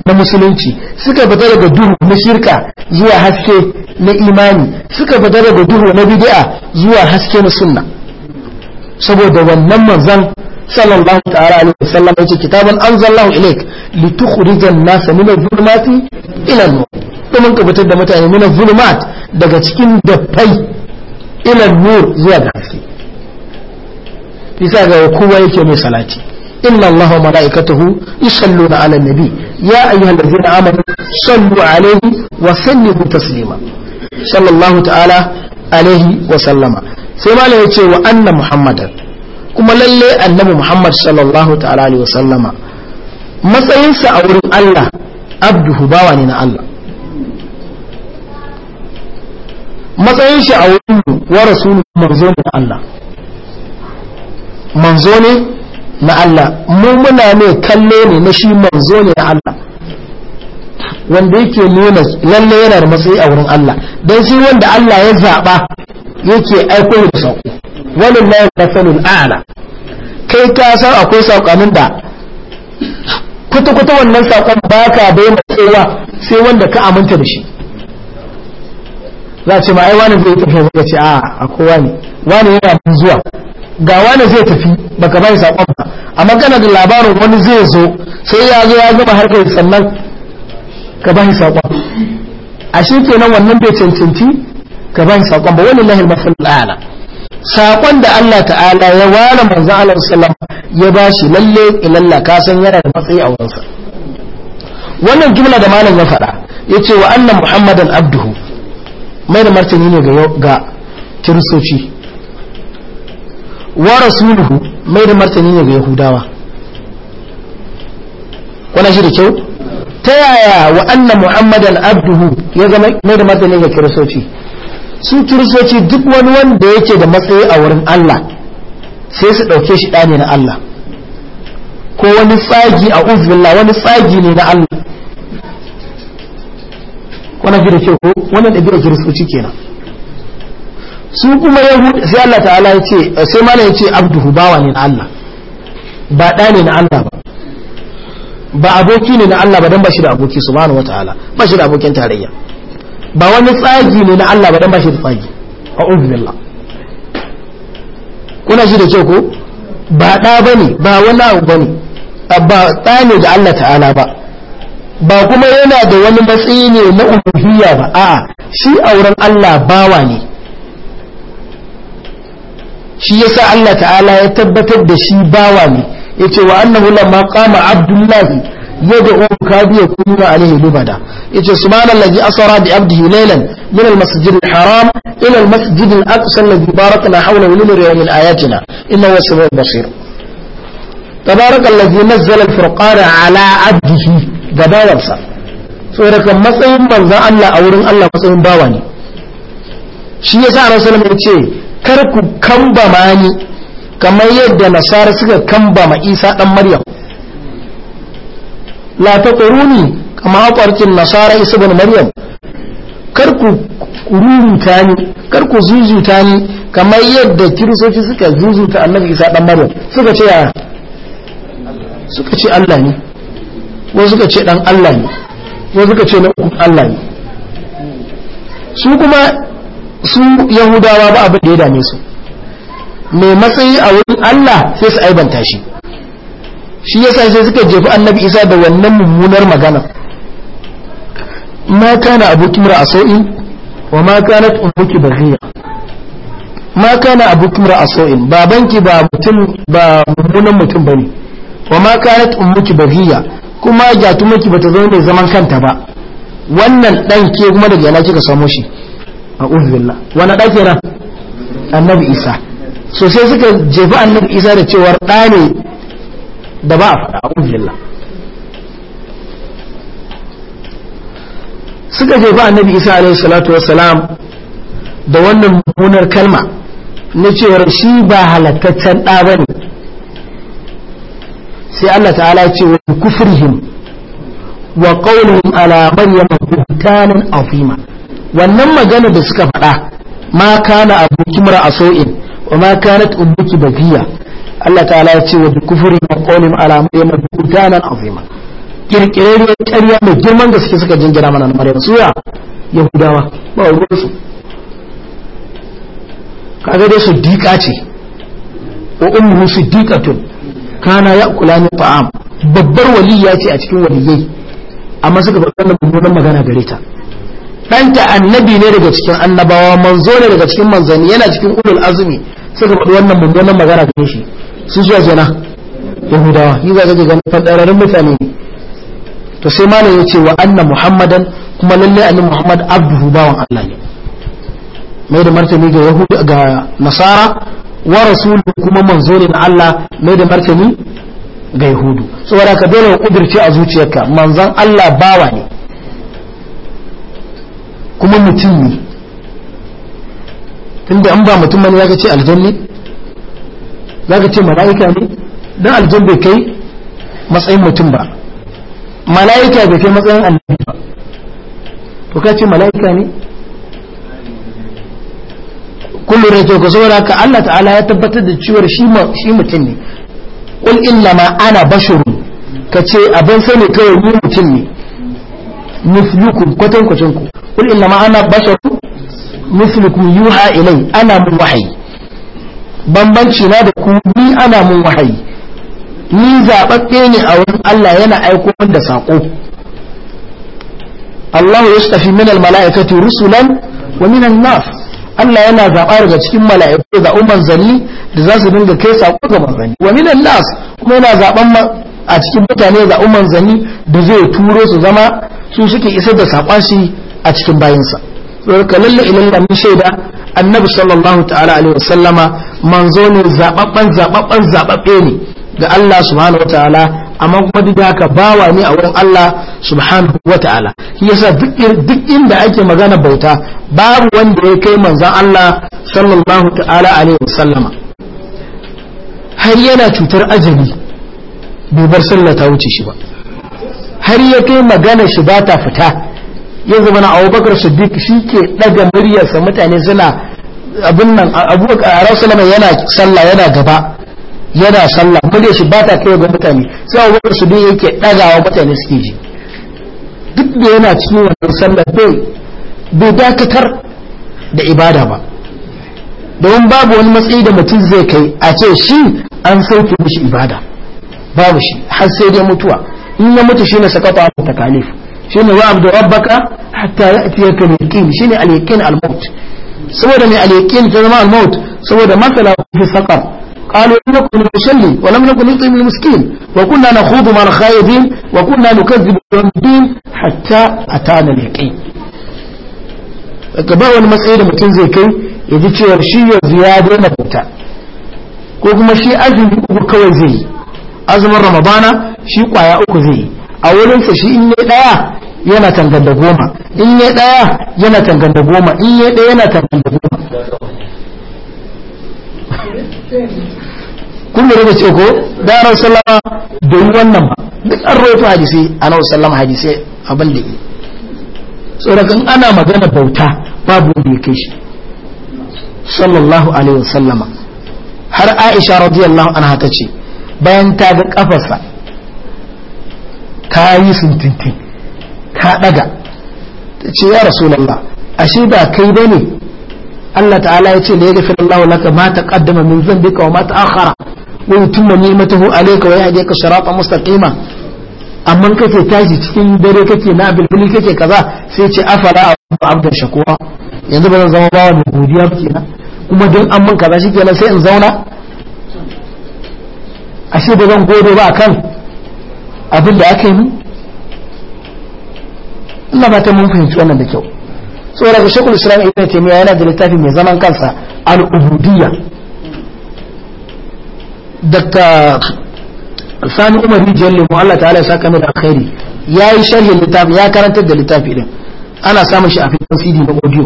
na musulunci suka fita daga duhu na shirka zuwa haske na imani suka fita daga duhu na bid'a zuwa haske na sunna saboda wannan manzan sallallahu ta'ala alaihi wasallam yace kitaban anzalallahu ilaik litukhrijan nas min adh-dhulumati ila an-nur kuma ka da mutane min adh daga cikin dafai ila nur zuwa ga haske bisa ga kowa yake mai salati inna allaha wa malaikatahu yusalluna 'ala an-nabi ya ayyuhalladhina amanu sallu 'alayhi wa sallimu taslima sallallahu ta'ala wa sai anna muhammadan kuma lalle annabi muhammad sallallahu ta'ala alaihi wasallama matsayinsa a wurin allah abduhu bawa ne na allah matsayin shi a wurin wa rasulun manzo ne na allah manzo ne na allah mu muna ne kalle ne na shi manzo ne na allah wanda yake nuna lalle yana da matsayi a wurin Allah don shi wanda Allah ya zaɓa yake aiko da sako walillahi masalul a'la kai ka san akwai sakonin da kuta-kuta wannan sakon baka bai matsewa sai wanda ka aminta da shi za a ce ma ai wani zai tafi zai ce a akwai wani. wani yana mun zuwa ga wani zai tafi baka bai sakon ba amma kana da labarin wani zai zo sai ya zo ya gama harkar sannan ka bai sakon a shi kenan wannan bai cancanci ka saƙon ba wani lahil mafi ala saƙon da Allah ta'ala ya ware manzan Allah salam ya ba shi lalle ilalla ka san yana da matsayi a wurinsa wannan jumla da malam ya faɗa ya ce wa anna muhammadan abduhu mai da martani ne ga ga kiristoci wa rasuluhu mai da martani ne ga yahudawa Wana shi da kyau ta yaya wa anna muhammadan abduhu ya zama mai da martani ga kiristoci su kiristoci duk wani wanda yake da matsayi a wurin Allah sai su ɗauke shi ɗane na Allah ko wani tsagi a uzbillah wani tsagi ne na Allah wani fi da kyau ko wannan ɗabi'a kiristoci kenan su kuma yahudu sai Allah ta'ala ya ce sai mana ya ce abduhu bawa ne na Allah ba ɗa ne na Allah ba ba aboki ne na Allah ba dan ba shi da aboki subhanahu wataala ba shi da abokin tarayya ba wani tsagi ne na Allah ba dan ba shi da tsagi a ubillah kuna shi da ce ko ba ɗa bane ba wani abu bane ba ɗa ne da Allah ta'ala ba ba kuma yana da wani matsayi ne na uluhiyya ba a'a shi auren Allah bawa ne shi yasa Allah ta'ala ya tabbatar da shi bawa ne yace wa annahu lamma qama abdullahi yad'u kadu yakunu alayhi lubada yace subhanallazi asra bi abdihi laylan min almasjid alharam ila almasjid alaqsa alladhi barakna hawlahu linuriyahu min ayatina innahu as-sami'ul basir tabarakallazi nazzala alfurqana ala abdihi gabawarsa so daga matsayin manzon Allah a wurin Allah matsayin bawa ne shi yasa rasulullah yace kar ku kambama ni kamar yadda nasara suka kambama Isa dan Maryam la taquruni kama aqartin nasara isa ibn maryam kar ku ruruta ni kar ku zuzuta ni kamar yadda kiristoci suka zuzuta annabi isa dan maryam suka ce suka ce Allah ne ko suka ce dan Allah ne ko suka ce na uku Allah ne su kuma su yahudawa ba abin da ya dame su mai matsayi a wurin Allah sai su aibanta shi shi yasa sai suka jefi annabi isa da wannan mummunar magana ma kana abuki mura aso'in wa ma kanat ummuki baghiya ma kana abuki mura aso'in babanki ba mutum ba mummunan mutum bane wa ma kanat ummuki baghiya kuma jatumaki bata zama mai zaman kanta ba wannan dan ke kuma daga yana kika samo shi a billah wani dan ran annabi isa so sai suka jefi annabi isa da cewar ɗa ne da ba a faɗa a ƙungiyar suka jefa annabi isa alaihi salatu wassalam da wannan munar kalma na cewar shi ba halakaccen ɗa ba ne sai Allah ta'ala ce wa kufrihim wa qawlihim ala maryama buhtanan azima wannan magana da suka faɗa ma kana abuki mar'a asoin wa ma kanat ummuki bafiya. Allah ta'ala ya ce wa bi kufuri ma qawlin ala maryam butanan azima kirkirewar ƙarya mai girman gaske suka jingira mana na maryam suya yahudawa ba ruwan su kaga dai su dika ce wa ummu siddiqatun kana ya'kulani ta'am babbar waliya ce a cikin waliyai amma suka bar wannan mummunan magana gare ta danta annabi ne daga cikin annabawa manzo ne daga cikin manzanni yana cikin ulul azumi suka faɗi wannan mummunan magana gare shi su zuwa jana yahudawa yi za ka ga fadararrun mutane to sai malam ya ce wa anna muhammadan kuma lalle annabi muhammad abduhu bawan Allah ne mai da martani ga yahudu ga nasara wa rasulu kuma manzo ne na Allah mai da martani ga yahudu saboda ka dole ka kudirce a zuciyarka manzon Allah bawa ne kuma mutum ne tunda an ba mutum ne ya ce aljanni za ka ce mala'ika ne don aljin bai kai matsayin mutum ba mala'ika bai kai matsayin annabi ba to ka ce mala'ika ne kullum da ka saboda ka Allah ta'ala ya tabbatar da cewar shi mutum ne kul inna ma ana ka ce abin sani kawai ni mutum ne mithlukum kwatan kul ku inna ma ana basharun mithlukum yuha ilai ana mun wahayi bambanci na da ku ni ana mun wahayi ni zaɓaɓɓe ne a wurin Allah yana aiko da saƙo Allah ya tafi min almala'ikati rusulan wa min an-nas Allah yana zaɓa daga cikin mala'iku da manzanni da za su dinga kai saƙo ga manzanni wa min an-nas kuma yana zaɓan a cikin mutane da manzanni da zai turo su zama su suke isar da saƙon shi a cikin bayinsa ka lalle da mun shaida annabi sallallahu ta'ala alaihi wasallama manzo ne zababban zababban zababbe ne ga Allah subhanahu wataala amma kuma duk haka bawa ne a wurin Allah subhanahu wataala shi yasa duk duk inda ake magana bauta babu wanda ya kai manzon Allah sallallahu ta'ala alaihi wasallama har yana cutar ajali bai bar sallah ta wuce shi ba har ya kai magana shi ba ta fita Yanzu mana na abubakar siddiq shi ke ɗaga muryarsa mutane suna abin nan abu a rasulama yana sallah yana gaba yana sallah muryar shi ba ta kai ga mutane sai bakar siddiq yake ɗagawa mutane suke ji duk da yana cikin wannan sallah bai bai dakatar da ibada ba domin babu wani matsayi da mutum zai kai a ce shi an sauke mishi ibada babu shi har sai dai mutuwa in ya mutu shine sakata ta takalif shine wa abdu rabbaka hatta ya'tiyaka al-yaqin shine al-yaqin al-maut saboda mai al-yaqin ta zama al-maut saboda masala fi saqar قالوا لم نكن نصلي ولم نكن نطعم المسكين وكنا نخوض مع الخائضين وكنا نكذب بيوم الدين حتى أتانا اليقين gaba wani matsayi da mutum zai kai ya ji cewar shi yanzu ya daina bauta ko kuma shi azumi uku kawai zai yi azumin ramadana shi kwaya uku zai yi a wurinsa shi in ne ɗaya. yana tangan da goma in ya ɗaya yana tangan da goma in ya ɗaya yana tangan da goma kun lura da ce ko daren sallama da wannan ba duk an roto hadisi a sallama hadisi abin da yi tsorakan ana magana bauta babu wanda ya kai shi sallallahu alaihi wasallama har aisha radiyallahu anha ta ce bayan ta ga kafarsa ta yi sun ka daga ce ya rasulullah ashe ba kai ne. Allah ta'ala ya ce ya yaghfir Allahu laka ma taqaddama min dhanbika wa ma ta'akhkhara wa yutimma ni'matahu ka wa yahdika siratan mustaqima amma kake tashi cikin dare kake na bilbili kake kaza sai ce afala abdan shakuwa. yanzu ba zan zama bawa mai godiya ba kenan kuma don an man kaza shi kenan sai in zauna ashe ba zan gode ba akan abin da aka yi min ina ba ta mun fahimci wannan da kyau saboda da shekul islam ibn taymiya yana da littafi mai zaman kansa al ubudiyya daga sani umar bin jalli mu Allah ta'ala ya saka mai da Ya yayi sharhi littafi ya karantar da littafi din ana samun shi a fitan CD na audio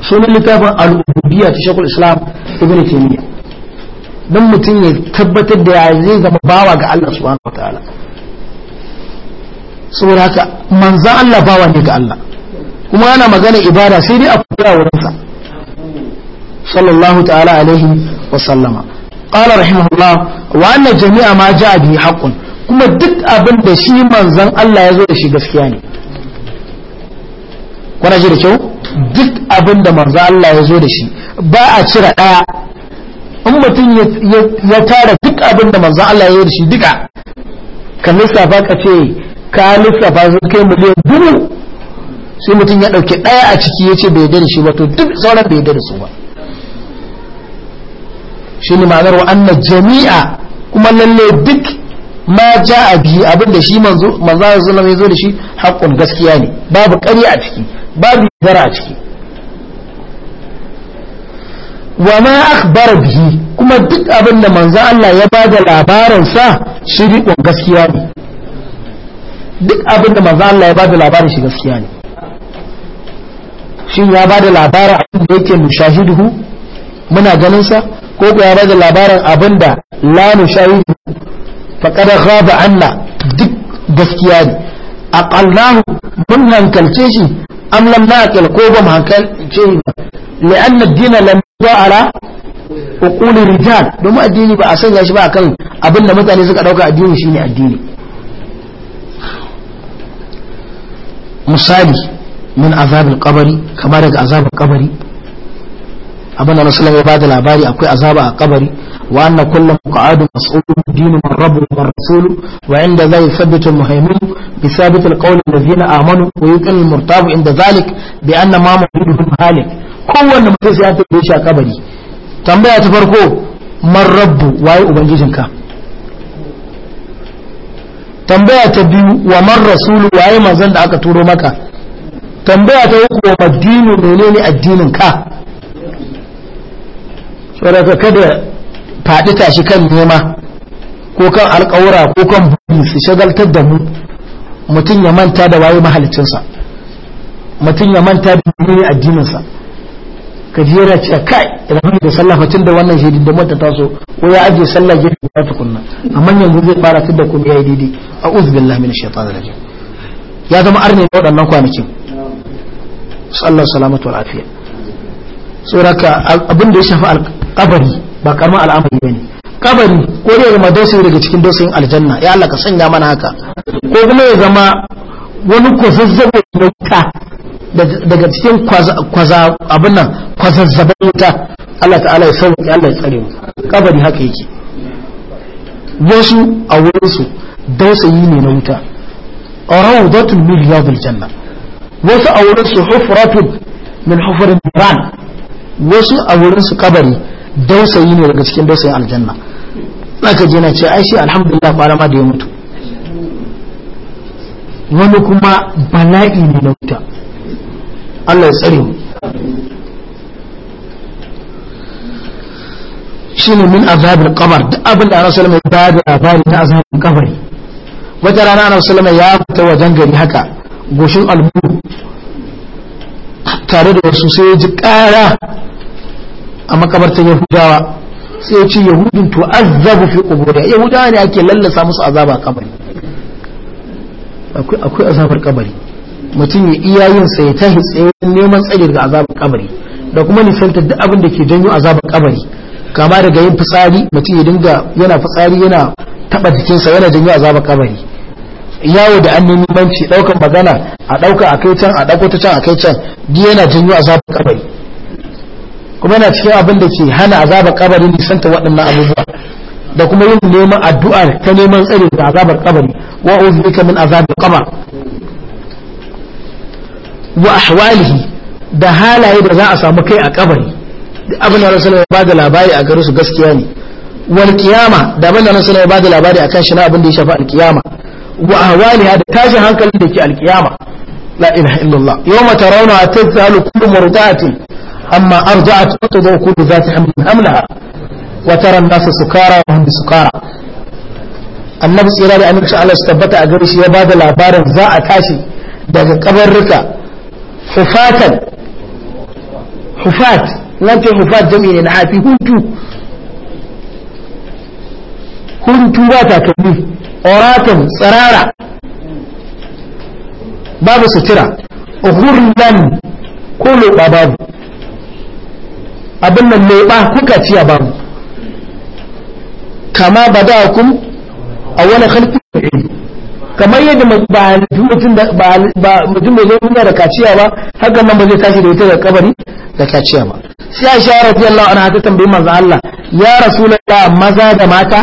sunan littafin al ubudiyya ta shekul islam ibn taymiya dan mutum ya tabbatar da ya zai zama bawa ga Allah subhanahu ta'ala. saboda haka manzan Allah bawa ne ga Allah kuma ana magana ibada sai dai a fara wurinsa sallallahu ta'ala alaihi wa sallama qala rahimahullah wa anna jami'a ma ja'a bi haqqun kuma duk abin da shi manzan Allah ya zo da shi gaskiya ne kuna ji da kyau duk abin da manzan Allah ya zo da shi ba a cira daya in mutum ya tara duk abin da manzan Allah ya zo da shi duka ka lissafa ka ce ka lissafa su kai miliyan dubu sai mutum ya ɗauki ɗaya a ciki ya ce bai dare shi ba to duk sauran bai dare su ba shi ne ma'anar wa'anna jami'a kuma lalle duk ma ja a biyu abinda shi manzo manzo zulam ya zo da shi haƙƙun gaskiya ne babu ƙarya a ciki babu zara a ciki wa ma akhbara bihi kuma duk abinda manzo Allah ya bada labarin sa shiriƙon gaskiya ne duk abin da manzo Allah ya bada labarin shi gaskiya ne shin ya bada labarin abin da yake mushahiduhu muna ganin sa ko ko ya bada labarin abin da la fa faqad ghaba anna duk gaskiya ne aqallahu mun hankalce shi am lam naqil ko ba hankalce shi ba لأن الدين لم يضع على uquli rijal domin addini ba a sanya shi ba akan abinda mutane suka dauka addini shine addini misali min azabin kabari kamar daga azabin kabari abinda musulun ya ba da labari akwai azaba a kabari wa anna kullum qa'adun mas'ulun dinu man rabbu man rasulu wa inda zai thabbita muhaimin bi thabit da zina amanu wa yuqil almurtabu inda zalik bi anna ma muriduhum halik kowanne mutum sai ya tafi shi a kabari tambaya ta farko man rabbu waye ubangijinka tambaya ta biyu wa man rasulu waye manzon da aka turo maka tambaya ta uku wa madinu menene addinin ka ka kada faɗi tashi kan nema ko kan alƙawura ko kan buɗi su shagaltar da mu mutum ya manta da waye mahalicinsa mutum ya manta da menene addininsa ka ce kai idan da sallah tun da wannan shi da ta taso ko ya aje sallah gefe ta tukunna amma yanzu zai fara tun da kuma yayi daidai a'udhu billahi minash shaitanir rajim ya zama arne da waɗannan kwanakin sallallahu salamatu wal afiya saboda abin da ya shafi kabari ba karamar al'amari bane kabari ko da zama dosin daga cikin dosin aljanna ya Allah ka sanya mana haka ko kuma ya zama wani kwazazzabe na wuta daga cikin kwaza abin nan kwazazzaba wuta Allah ta'ala ya sauke Allah ya tsare mu kabari haka yake wasu a wurinsu dausayi ne na wuta rawdatun min riyadil janna wasu a wurinsu hufratun min hufurin ran wasu a wurinsu kabari dausayi ne daga cikin dausayin aljanna aka je na ce ai shi alhamdulillah ba ma da ya mutu wani kuma bala'i ne na wuta Allah ya tsare mu ne min azabin qabr duk abin da Annabi sallallahu ba da labari na azabin kabari wata rana Annabi mai ya fita wajen gari haka goshin albu tare da wasu sai ya ji ƙara a makabartar Yahudawa sai ya ce yahudun to azabu fi quburiya yahudawa ne ake lallasa musu azaba kabari akwai azabar kabari mutum ya iya yin sai ta tahi tsaye neman tsayar daga azabar kabari da kuma nisanta duk abin da ke janyo azabar kabari kama daga yin fitsari mutum ya dinga yana fitsari yana taba jikinsa yana janyo azabar kabari yawo da an nemi banci daukan magana a dauka a kai can a dauko ta can a kai can duk yana janyo azabar kabari kuma yana cikin abin da ke hana azabar kabari nisanta waɗannan abubuwa da kuma yin neman addu'ar ta neman tsare da azabar kabari wa uzbika min azabil qabr wa ahwalihi da halaye da za a samu kai a kabari duk abin da rasul ya bada labari a garin su gaskiya ne wal qiyama da abin da rasul ya bada labari akan shi na abin da ya shafi al qiyama wa ahwaliha da tashin hankalin da ke al qiyama la ilaha illallah yawma tarawna tazhalu kullu murdatin amma arja'at tadawku bi zati hamlaha وترى الناس سكارى وهم بسكارى النبي صلى الله عليه وسلم استبتع قريش يباد العبارة زاء كاشي داك قبر ركا حفاتا حفات لانت حفات جميعين نعافي هنتو هنتو باتا كبير أوراتا سرارا باب سترا غرلا كل باباب أبنى الليباه كوكا تيا kama ba da awwala a wani halittu da ba kamar yadda ba mutum mai zai duniya da kaciya ba haka nan ba zai tashi da ita da kabari da kaciya ba sai Aisha Allah ana ta tambayi manzo Allah ya rasu rasulullah maza da mata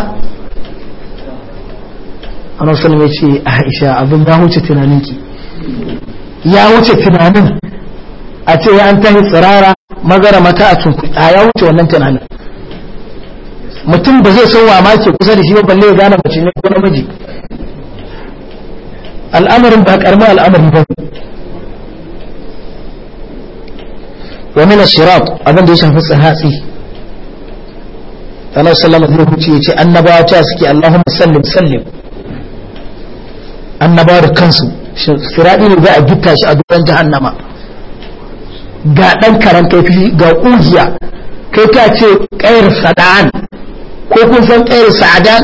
a sallallahu alaihi wasallam a ce Aisha abin ya wuce tunaninki ya wuce tunanin a ce ya an tahi tsirara da mata a tunku ya wuce wannan tunanin mutum ba zai sauwa ma ke kusa da shi ba balle ya gane mace ne ko namiji al'amarin ba karamin al'amari ba wa min as-sirat abin da ya shafi tsahatsi Allah sallallahu zai wasallam ya ce annabawa ta suke Allahumma sallim sallim annabawa da kansu sirati ne za a gitta shi a duban jahannama ga dan karanta ga ujiya. kai ta ce kayar sada'an ko kun san ƙayar sa'adan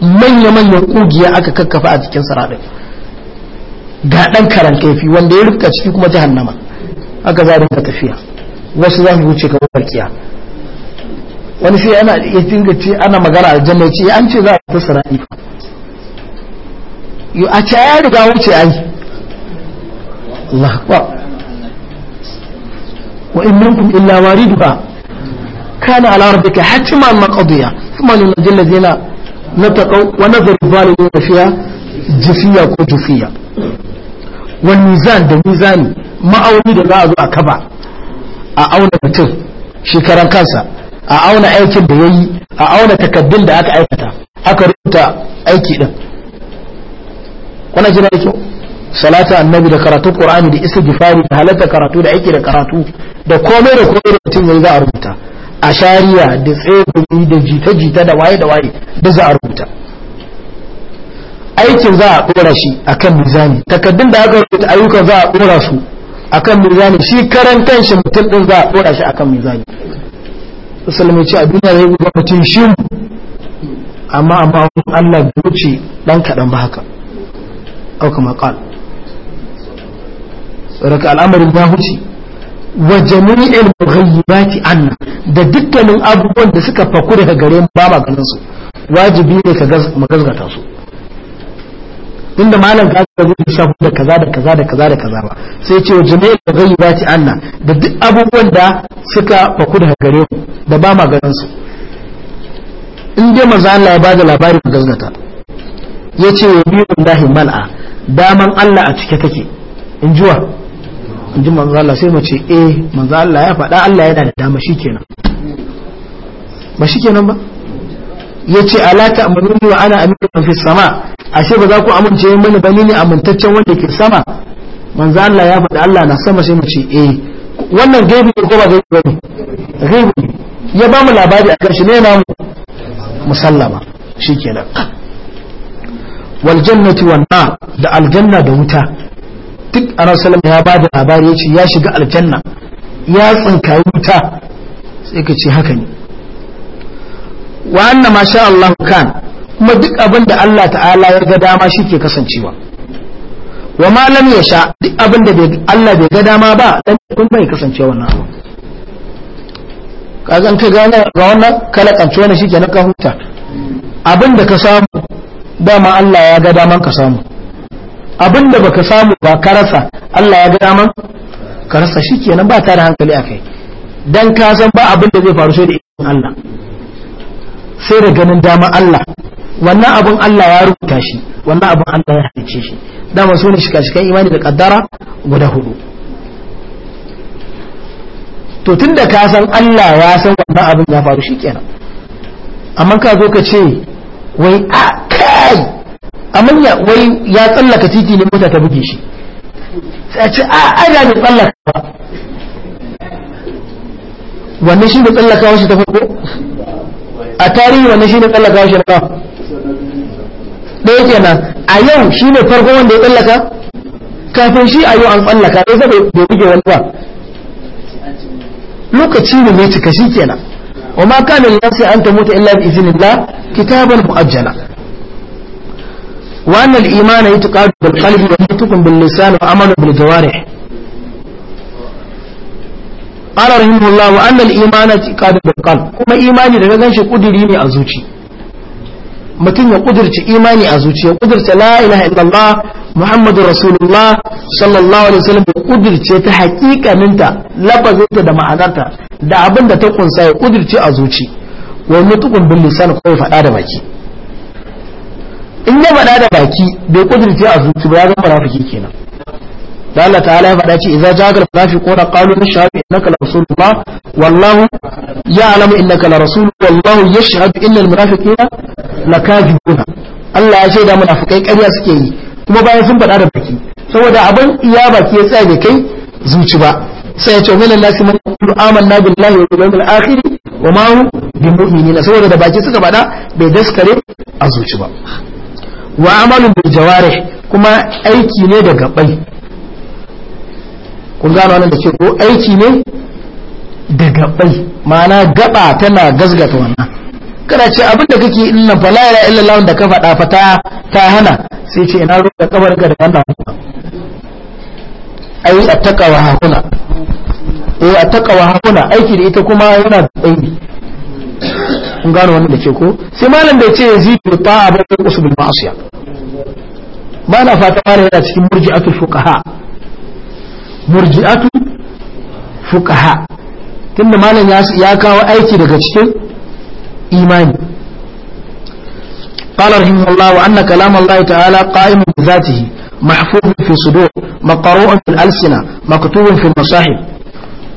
manya-manyan ƙugiya aka kakkafa a cikin sarari. ga ɗan karan kaifi wanda ya rufka ciki kuma jahannama aka za ka tafiya wasu za mu wuce kawai barkiya wani sai ana ya dinga ce ana magana aljanna ce an ce za a ta sarari yo a ce ya riga wuce ai Allah akbar wa in minkum illa duka. kana ala rabbika hatman maqdiya thumma nunjil ladina nataqaw wa nadhur zalimin fiha jifiya ko jufiya Wani mizan da mizani ma'auni da za a zo a kaba a auna mutum shekaran kansa a auna aikin da yayi a auna takaddun da aka aikata aka rubuta aiki din kuna jira da kyau salata annabi da karatu qur'ani da istighfari da halatta karatu da aiki da karatu da komai da komai da mutum yayi za a rubuta a shari'a da tsegumi da jita-jita da waye da waye da za a rubuta aikin za a ɗora shi a kan mizani takaddun da aka rubuta ayyukan za a ɗora su a kan mizani shi karan kanshi mutum ɗin za a ɗora shi a kan mizani musulmi ce a duniya zai ga mutum shi amma amma Allah da wuce dan kaɗan ba haka ɗauka maƙal qal raka al'amarin ba huci wa jami'il mughayyibati anna da dukkanin abubuwan da suka faku daga gare mu ba ganin su wajibi ne ka magazgata su inda malam ka ga zai shafu da kaza da kaza da kaza da kaza ba sai ce wa jami'il mughayyibati anna da duk abubuwan da suka faku daga gare mu da ba ganin su in dai manzo Allah ya bada labari gazgata yace wa bi'ullahi mal'a daman Allah a cike take in jiwa in ji manzo Allah sai mu ce eh manzo Allah ya faɗa Allah yana da dama shikenan ba shikenan ba yace ala ta'muruni wa ana amirun fi sama ashe ba za ku amince mani ba ni ne amintaccen wanda ke sama manzo Allah ya faɗa Allah na sama sai mu ce eh wannan gaibi ne ko ba gaibi ba ne gaibi ya ba mu labari a kan shi ne namu musallama shikenan wal jannati wan nar da aljanna da wuta duk a rasulun ya ba da labari ya ce ya shiga aljanna ya tsinka wuta sai ka ce haka ne wa anna ma sha Allah kan kuma duk abin da Allah ta'ala ya ga dama shi ke kasancewa wa ma lam ya sha duk abin da Allah bai ga dama ba dan kun bai kasancewa wannan abu Ka an ka gane ga wannan kalakance wannan ke na huta abin da ka samu dama Allah ya ga daman ka samu Abin da baka samu ba ka rasa Allah ya ga man ka rasa shikenan ba ta da hankali akai dan ka san ba abin da zai faru sai da ikon Allah sai da ganin dama Allah wannan abin Allah ya rubuta shi wannan abin Allah ya halice shi dama su ne shika-shikan imani da kaddara guda hudu to tunda ka san Allah ya san wannan abin ya faru shikenan amma ka zo ka ce wai a kai amma ya wai ya tsallaka titi ne mota ta buge shi sai ce a ana da tsallaka ba Wanne shi ne tsallaka shi ta farko a tarihi wanne shi ne tsallaka shi na ɗaya kenan a yau shi ne farko wanda ya tsallaka kafin shi a yau an tsallaka ɗaya saboda bai buge wani ba lokaci ne mai cika shi kenan wa ma kana lillahi an tamuta illa bi idhnillah kitaban muajjala وأن الإيمان يتقال بالقلب وينطق باللسان وعمل بالجوارح قال رحمه الله وأن الإيمان يتقال بالقلب كما إيماني لغنش قدريني أزوتي mutum ya kudurci imani a zuciya kudurce la ilaha illallah muhammadur rasulullah sallallahu alaihi wasallam ya kudurce ta hakikaninta lafazinta da ma'anarta da abin da ta kunsa ya kudurce a zuci wa mutukun bil lisan ko faɗa da baki in ya faɗa da baki bai kudirce a zuci ba ya zama munafiki kenan da Allah ta'ala ya faɗa ce idza jagal munafiquna qalu nashhadu innaka la rasulullah wallahu ya'lamu innaka la rasul wallahu yashhadu innal munafiqina lakadibuna Allah ya shaida munafikai ƙarya suke yi kuma bayan sun faɗa da baki saboda abin iya baki ya tsaya da kai zuci ba sai ya ce min Allah man qulu amanna billahi wa bil akhir wa ma hum bi saboda da baki suka faɗa bai daskare a zuci ba wa amalun bil jawarih kuma aiki ne da gabai kun gano nan da ce ko aiki ne da gabai ma'ana gaba tana gazgata wannan kana ce abin da kake illa fa la ilaha illallah da ka faɗa fa ta hana sai ce ina ruwa kabar ga da wannan ai wa hakuna eh wa hakuna aiki da ita kuma yana da tsayi kun gano wannan da ke ko sai malam bai ce yazidu ta'a ba ko usbul ma'asiya ba na fata malam yana cikin murji'atu fuqaha murji'atu fuqaha tunda malam ya kawo aiki daga cikin imani قال رحمه الله وأن كلام الله تعالى قائم بذاته محفوظ في صدور مقروء في الألسنة مكتوب في المصاحف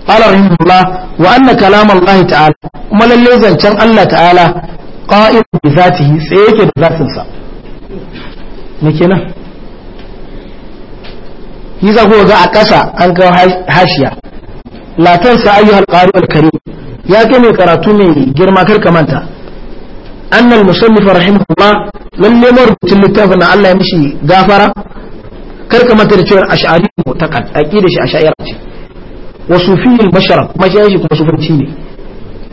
qala rahimahullah wa anna kalam Allah ta'ala kuma lalle zancen Allah ta'ala qa'im bi zatihi sai yake da zatin sa me kenan yi za ku ga a ƙasa an ga hashiya latan sa ayyuhal qari al karim ya ke mai karatu mai girma kar ka manta annal musannif rahimahullah lalle marubucin littafin na Allah da cewa ash'ari mutaqad aqida shi wa sufiyul mashrab mashayin shi kuma sufanci ne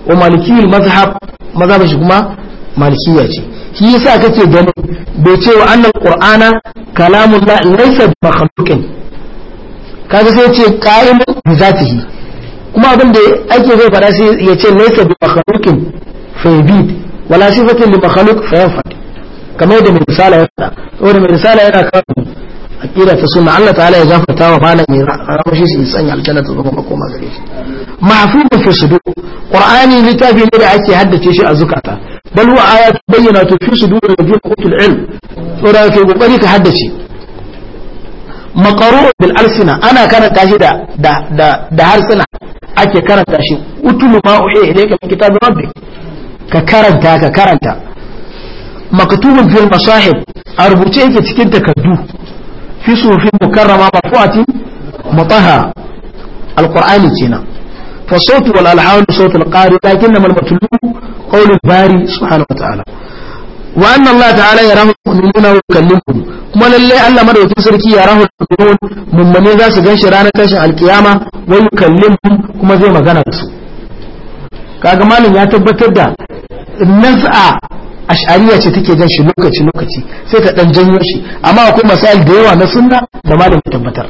wa malikiyul mazhab mazhabin shi kuma malikiya ce shi yasa kake ganin bai ce wa annal qur'ana kalamullah laysa makhluqin kaga sai ce qaim bi zatihi kuma abin da ake zai fara sai ya ce laysa bi makhluqin fa yabid wala sifatin li makhluq fa yanfad kamar da mai risala ya fada saboda mai risala yana kawo ila ta sunna Allah ta'ala ya gafarta wa malam ya rahmashi shi sanya aljanna ta zama makoma gare shi fi qur'ani littafi ne da ake haddace shi a zukata bal huwa ayatu bayyinatu fi ilm ke kokari ka haddace maqaru bil alsina ana karanta shi da da da harsuna ake karanta shi utulu ma uhi ilayka kitabu rabbik ka karanta ka karanta maktubun fil masahib a rubuce yake cikin takardu fi sufi mukarrama marfu'atin mutahhara alqur'ani kenan fa sautu wal alhan sautu alqari lakinna al matlu qawlu bari subhanahu wa ta'ala wa anna allah ta'ala yarahu mu'minuna wa yukallimuhum kuma lalle Allah madaukin sarki ya rahu mu'minun mummune za su ganshi ranar tashin alkiyama wa yukallimuhum kuma zai magana da su kaga malam ya tabbatar da naz'a ash'ariya ce take jan shi lokaci lokaci sai ta dan janyo shi amma akwai masail da yawa na sunna da malamin tabbatar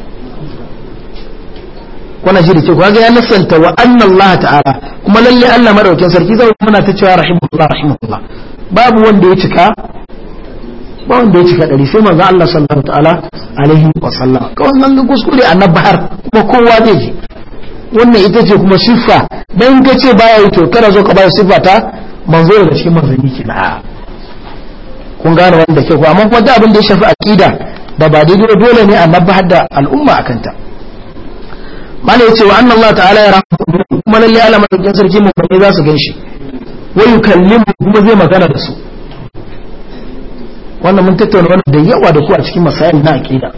kuna ji da ke ga ya nasanta wa anna Allah ta'ala kuma lalle Allah madaukin sarki zai muna ta cewa rahimahullah rahimahullah babu wanda ya cika ba wanda ya cika dari sai manzo Allah sallallahu ta'ala alaihi wa sallam kawai nan ga kuskure a nabahar kuma kowa zai ji wannan ita ce kuma siffa dan kace baya yi to kada zo ka ba siffa ta manzo daga cikin manzanni ke na kun gane wanda ke ku amma kuma da abin da ya shafi aqida da ba dai dole ne annabi hadda al'umma akan ta mana yace wa anna Allah ta'ala ya rahmu kuma lalle alama da sarki mun ne za su ganshi wa yukallimu kuma zai magana da su wannan mun tattauna wannan da yawa da ku a cikin masayin na aqida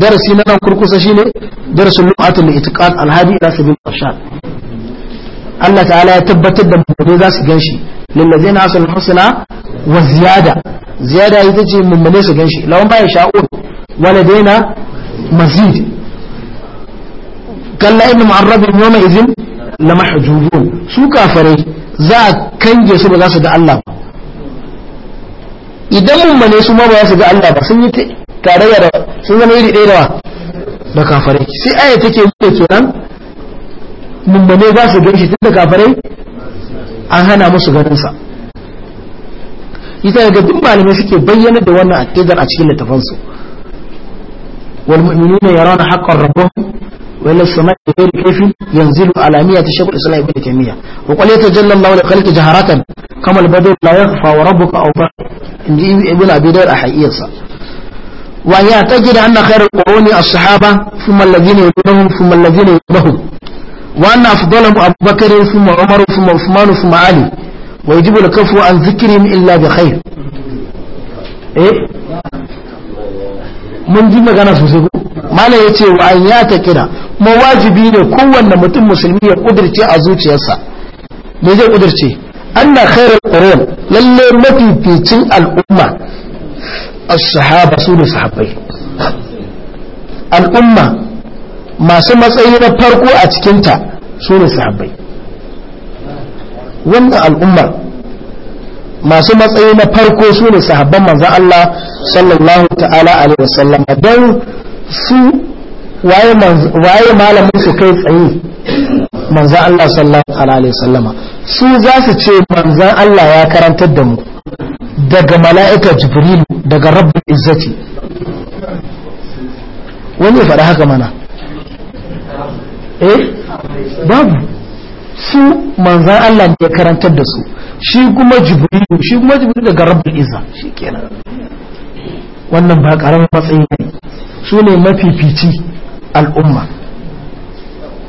darasi na nan kurkusa shine darasul lu'atul itiqad alhadi ila sabil irshad Allah ta'ala ya tabbatar da mutane za su ganshi lillazina na asul husna wa ziyada ziyada ita ce mummune su ganshi lawan baya sha'ur wala daina mazid kalla ibn mu'arrab yawma idhin la mahjubun su kafare za a kange su ba za su ga Allah idan mummune su ma ba za su ga Allah ba sun yi tarayya da sun zama iri ɗaya da da kafare sai aya take yi kenan mummune za su ganshi shi tun da kafirai an hana musu ganinsa ita daga duk malamai suke bayyana da wannan aqidar a cikin littafansu wal mu'minuna yarawna haqqan rabbuhum wa ila samai ghayri kayfin yanzilu ala miyati shaykh islam ibn taymiya wa qala tajalla allah li khalqi jaharatan kama al badr la yakhfa wa rabbuka awfa inji ibn abi dar ahiyasa wa ya tajid anna khayra al quruni as sahaba thumma alladhina yadunhum thumma alladhina yadunhum وأن أفضلهم أبو بكر ثم عمر ثم عثمان ثم علي ويجب الكف عن ذكرهم إلا بخير إيه mun ji magana sosai ko mala ya ce wa ya ta kira kuma wajibi ne kowanne mutum musulmi ya kudirce a zuciyarsa me zai kudirce anna khairul qurun lalle mafificin al'umma as-sahaba su ne al'umma masu matsayi na farko a cikinta su ne sahabbai wannan al'ummar masu matsayi na farko su ne sahabban manzo Allah sallallahu ta'ala alaihi wasallam don su waye malamin su kai tsaye manzo Allah sallallahu alaihi wasallam su za su ce manzan Allah ya karantar da mu daga mala'ika jibrilu daga rabbul izzati wani ya faɗi haka mana eh babu su manzan Allah ne ya karantar da su shi kuma jibrilu shi kuma jibrilu daga rabbul izza shikenan wannan ba karamin matsayi ne su ne mafifici al'umma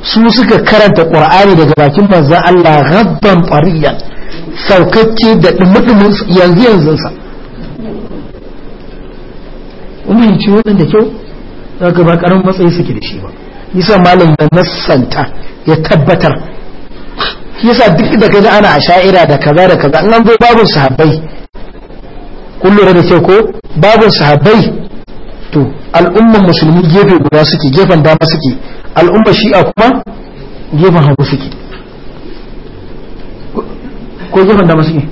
su suka karanta qur'ani daga bakin manzan Allah rabban fariyan saukakke da dumudumin yanzu yanzu sa kuma ci wannan da kyau daga ba karamin matsayi suke da shi ba yasa malam ya nassanta ya tabbatar yasa duk da kaji ana a sha'ira da kaza da kaza an zo babun sahabbai kun lura da kyau ko babun sahabbai to al'ummar musulmi gefe guda suke gefen dama suke al'ummar shi'a kuma gefen hagu suke ko gefen dama suke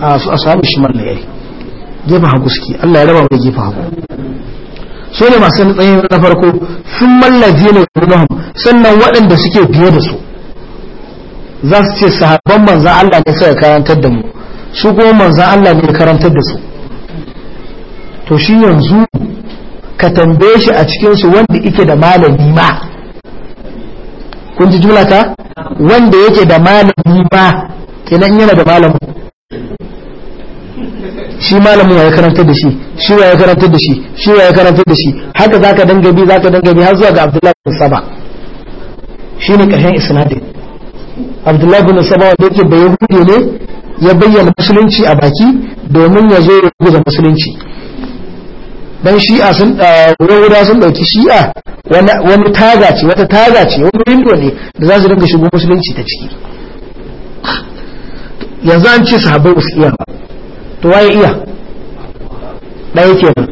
a su a shi shimar na gefen hagu suke Allah ya raba mu da gefen hagu su ne masu matsayin na farko sun mallaje ne kuma sannan waɗanda suke biye da su za su ce sahabban manzan Allah ne suka karantar da mu su kuma manzan Allah ne karantar da su to shi yanzu ka tambaye shi a cikin su wanda yake da malami ma kun ji jumla ta wanda yake da malami ba kenan yana da malamin shi malamin ya karanta da shi shi ya karanta da shi shi ya karanta da shi haka zaka danga bi zaka danga bi har zuwa ga Abdullahi bin Saba shine karshen isnadin Abdullahi bin Saba wanda yake da ne ya bayyana musulunci a baki domin ya zo ya guza musulunci dan shi'a sun wawuda sun dauki shi'a wani taga ce wata taga ce wani rindo ne da za su dinga shigo musulunci ta ciki yanzu an ce sahabbai su iya to waye iya ɗaya nan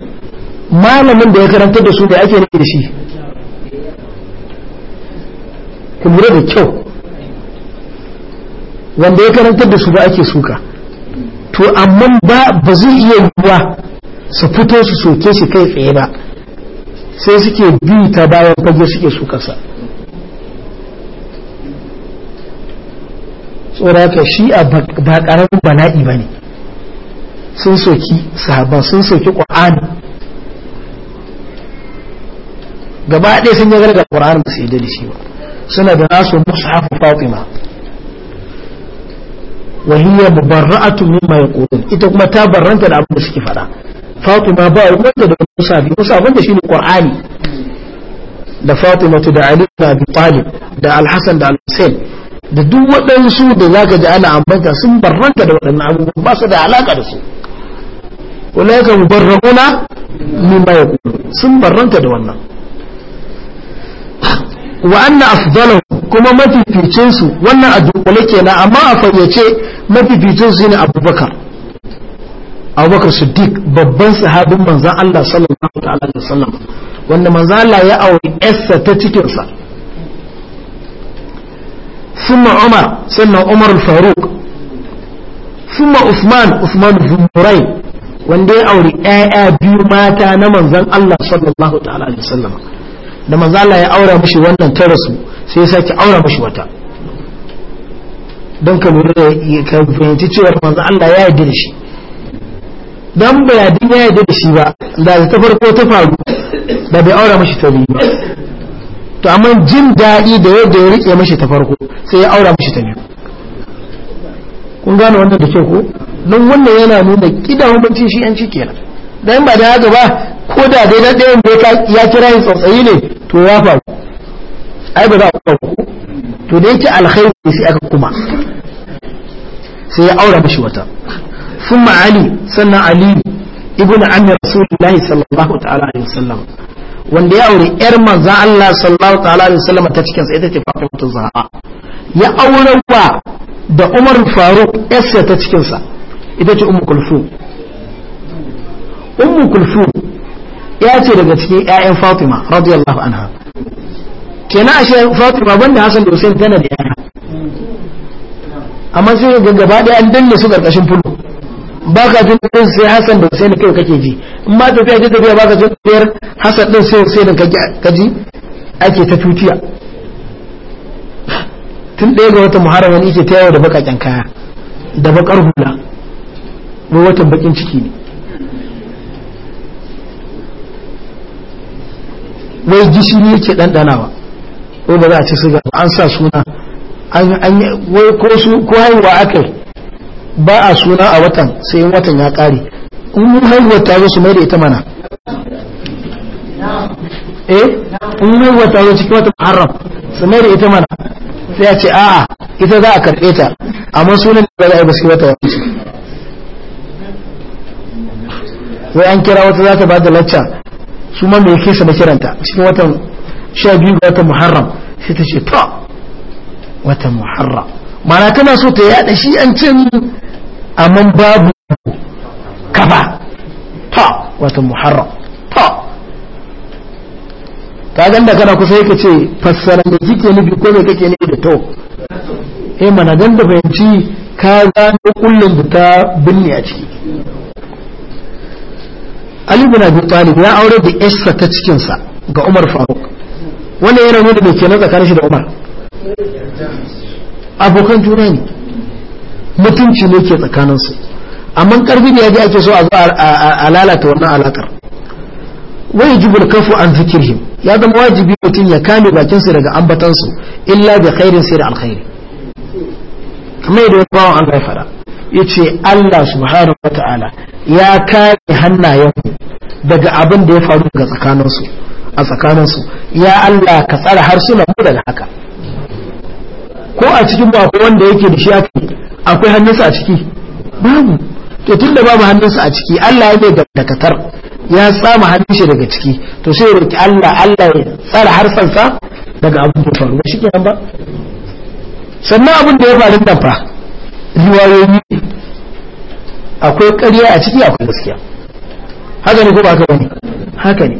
malamin da ya karanta da su da ake ne da shi ku lura da kyau wanda ya karanta da su ba ake suka to amma ba ba zai iya yiwa su fito su soke shi kai tsaye ba sai suke bi ta bayan fage suke sa tsoraka shi a ba ƙaramin ba ne sun soki sahabban sun soki ƙwa'ani gaba ɗaya sun yagar da ƙwa'ani ba su yi ba suna da nasu mushafu fatima wa hiya mubarra'atun mimma yaqulun ita kuma ta barranta da abin da suke faɗa fatima ba wanda da musa bi musa wanda shine qur'ani da fatima da ali da abi talib da al-hasan da al da duk waɗansu da zaka ji ana ambata sun barranta da waɗannan abubuwan ba su da alaka da su ulaika mubarrauna mimma yaqulu sun barranta da wannan wa anna afdalu kuma mafificin su wannan a dukkule kenan amma a fayyace mafificin su ne abubakar abubakar siddiq babban sahabin manzan Allah sallallahu ta'ala da sallam wanda manzan Allah ya auri yarsa ta cikinsa summa umar sannan umar faruk summa usman usman zumurai wanda ya auri ƴaƴa biyu mata na manzon Allah sallallahu ta'ala alaihi wasallam da manzon Allah ya aura mishi wannan ta rasu sai ya sake aura mishi wata don ka lura da ka fahimci cewa manzon Allah ya yarda da shi dan ba ya dinga yarda da shi ba da ta farko ta faru da bai aura mishi ta biyu ba to amma jin daɗi da yadda ya rike mishi ta farko sai ya aura mishi ta biyu kun gane wannan da kyau ko don wannan yana nuna kidan hukuncin shi'anci kenan dan ba da haka ba ko da dai dan ɗayan da ya kira yin tsatsayi ne to ya faru ai ba za a faru to da yake alkhairi sai aka kuma sai ya aura mishi wata ثم علي سنة علي ابن عم رسول الله صلى الله تعالى عليه وسلم wanda ya aure yar manzo Allah sallallahu ta'ala alaihi wasallam ta cikin sa ita ce Fatima Zahra ya aure wa da Umar Faruk yarsa ta cikin sa ita ce umu Kulfu. umu Kulfu ya ce daga cikin 'ya'yan fatima radiyallahu anha kenan ashe fatima banda hasan da hussein tana da ƴaƴa amma sai ga gaba ɗaya an danne su ƙarƙashin fulo ba ka jin ɗin sai hasan da hussein kai kake ji in ma tafiya ta tafiya ba ka jin tafiyar hasan ɗin sai hussein ka ji ake ta tutiya tun ɗaya ga wata muharram wani yake ta yau da baƙaƙen kaya da baƙar hula wai watan bakin ciki ne wai gishiri yake ɗanɗanawa ko ba za a ci siga ba an sa suna wai ko su ko haihuwa aka ba a suna a watan sai in watan ya ƙare in mun haihuwar ta zo su mai da ita mana eh in haihuwar ta zo cikin watan haram su mai da ita mana sai a ce a'a ita za a karɓe ta amma sunan da za a yi ba su wata ya wuce wai an kira wata za ta ba da lacca su ma mai kesa da kiranta cikin watan sha biyu ga watan muharram sai ta ce ta watan muharram mana tana so ta yada shi an cin amma babu kafa ta watan muharram ta ka ganda kana kusa yake ce fassara me kike nufi ko me kake nufi da to eh mana dan da fahimci ka gano kullum da ta binne a ciki Ali bin Abi Talib ya aure da Issa ta cikin sa ga Umar Faruk wanda ya rabu da dake kenan tsakanin shi da Umar abokan juna ne mutunci ne ke tsakanin su amma karfi ne ji ake so a zo a lalata wannan alakar Wai jibul kafu an zikirhim. ya zama wajibi mutum ya kame bakin sa daga ambatan su illa bi khairin sai da alkhairi kamar yadda wani bawan an ya fada yace Allah subhanahu wataala ya kare hannayen daga abin da ya faru ga tsakaninsu a tsakaninsu ya Allah ka tsara harsunan mu daga haka ko a cikin babu wanda yake da shi akwai hannunsa a ciki babu to tunda babu hannunsa a ciki Allah ya mai dakatar ya tsama hannun shi daga ciki to sai ya roki Allah Allah ya tsara harsansa daga abin da ya faru ba shikenan ba sannan abin da ya faru da fa riwayoyi akwai ƙarya a ciki akwai gaskiya haka ne ko ba haka bane haka ne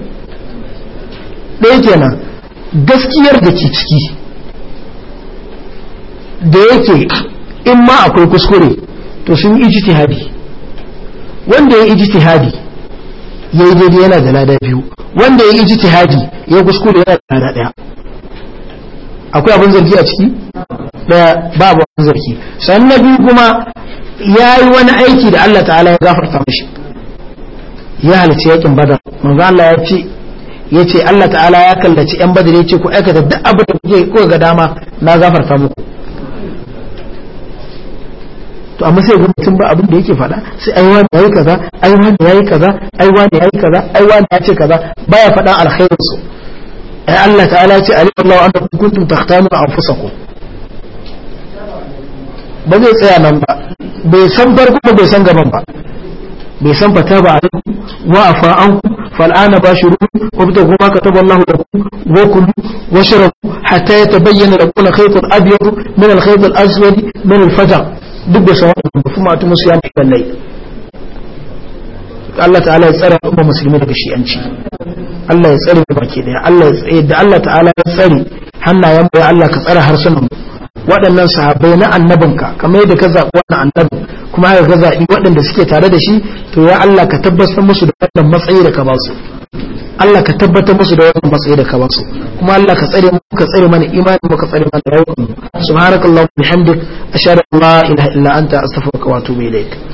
ɗaya kenan gaskiyar da ke ciki da yake in ma akwai kuskure to sun yi ijtihadi wanda ya yi ijtihadi ya yi daidai yana da lada biyu wanda ya yi ijtihadi ya kuskure yana da lada ɗaya akwai abin zargi a ciki da babu abin zargi sannan biyu kuma ya yi wani aiki da Allah ta'ala ya gafarta mashi ya halice yakin badar manzo Allah ya ce ya ce Allah ta'ala ya kallaci yan badar ya ce ku aikata duk abin da kuke kuka ga dama na gafarta muku to amma sai gwamnatin ba abin da yake faɗa sai ai wani yayi kaza ai wani yayi kaza ai wani yayi kaza ai wani ya ce kaza baya faɗa alkhairin su ai Allah ta'ala ce alim Allah annakum kuntum takhtanuna anfusakum ba zai tsaya nan ba bai san farko ba bai san gaban ba bai san fata ba a wa a an ku fal'ana ba shi ruhu wa bita kuma ka taba Allah da ku wa kullu wa shirabu hatta ya tabayyana da kula khaytul abyad min al khaytul aswad min al fajr duk bai san wannan ba kuma ta musu ya fi kallai Allah ta'ala ya tsare umma musulmi daga shi'anci Allah ya tsare mu baki daya Allah ya tsare da Allah ta'ala ya tsare hannayen mu ya Allah ka tsare harsunan mu waɗannan sahabbai na annabinka kamar yadda ka zaɓi wannan annabin kuma haka ka zaɓi waɗanda suke tare da shi to ya Allah ka tabbatar musu da wannan matsayi da ka ba su Allah ka tabbatar musu da wannan matsayi da ka ba su kuma Allah ka tsare mu ka tsare mana imani mu ka tsare mana rayuwar mu subhanakallahumma bihamdik ashhadu an la ilaha illa anta astaghfiruka wa atubu ilaik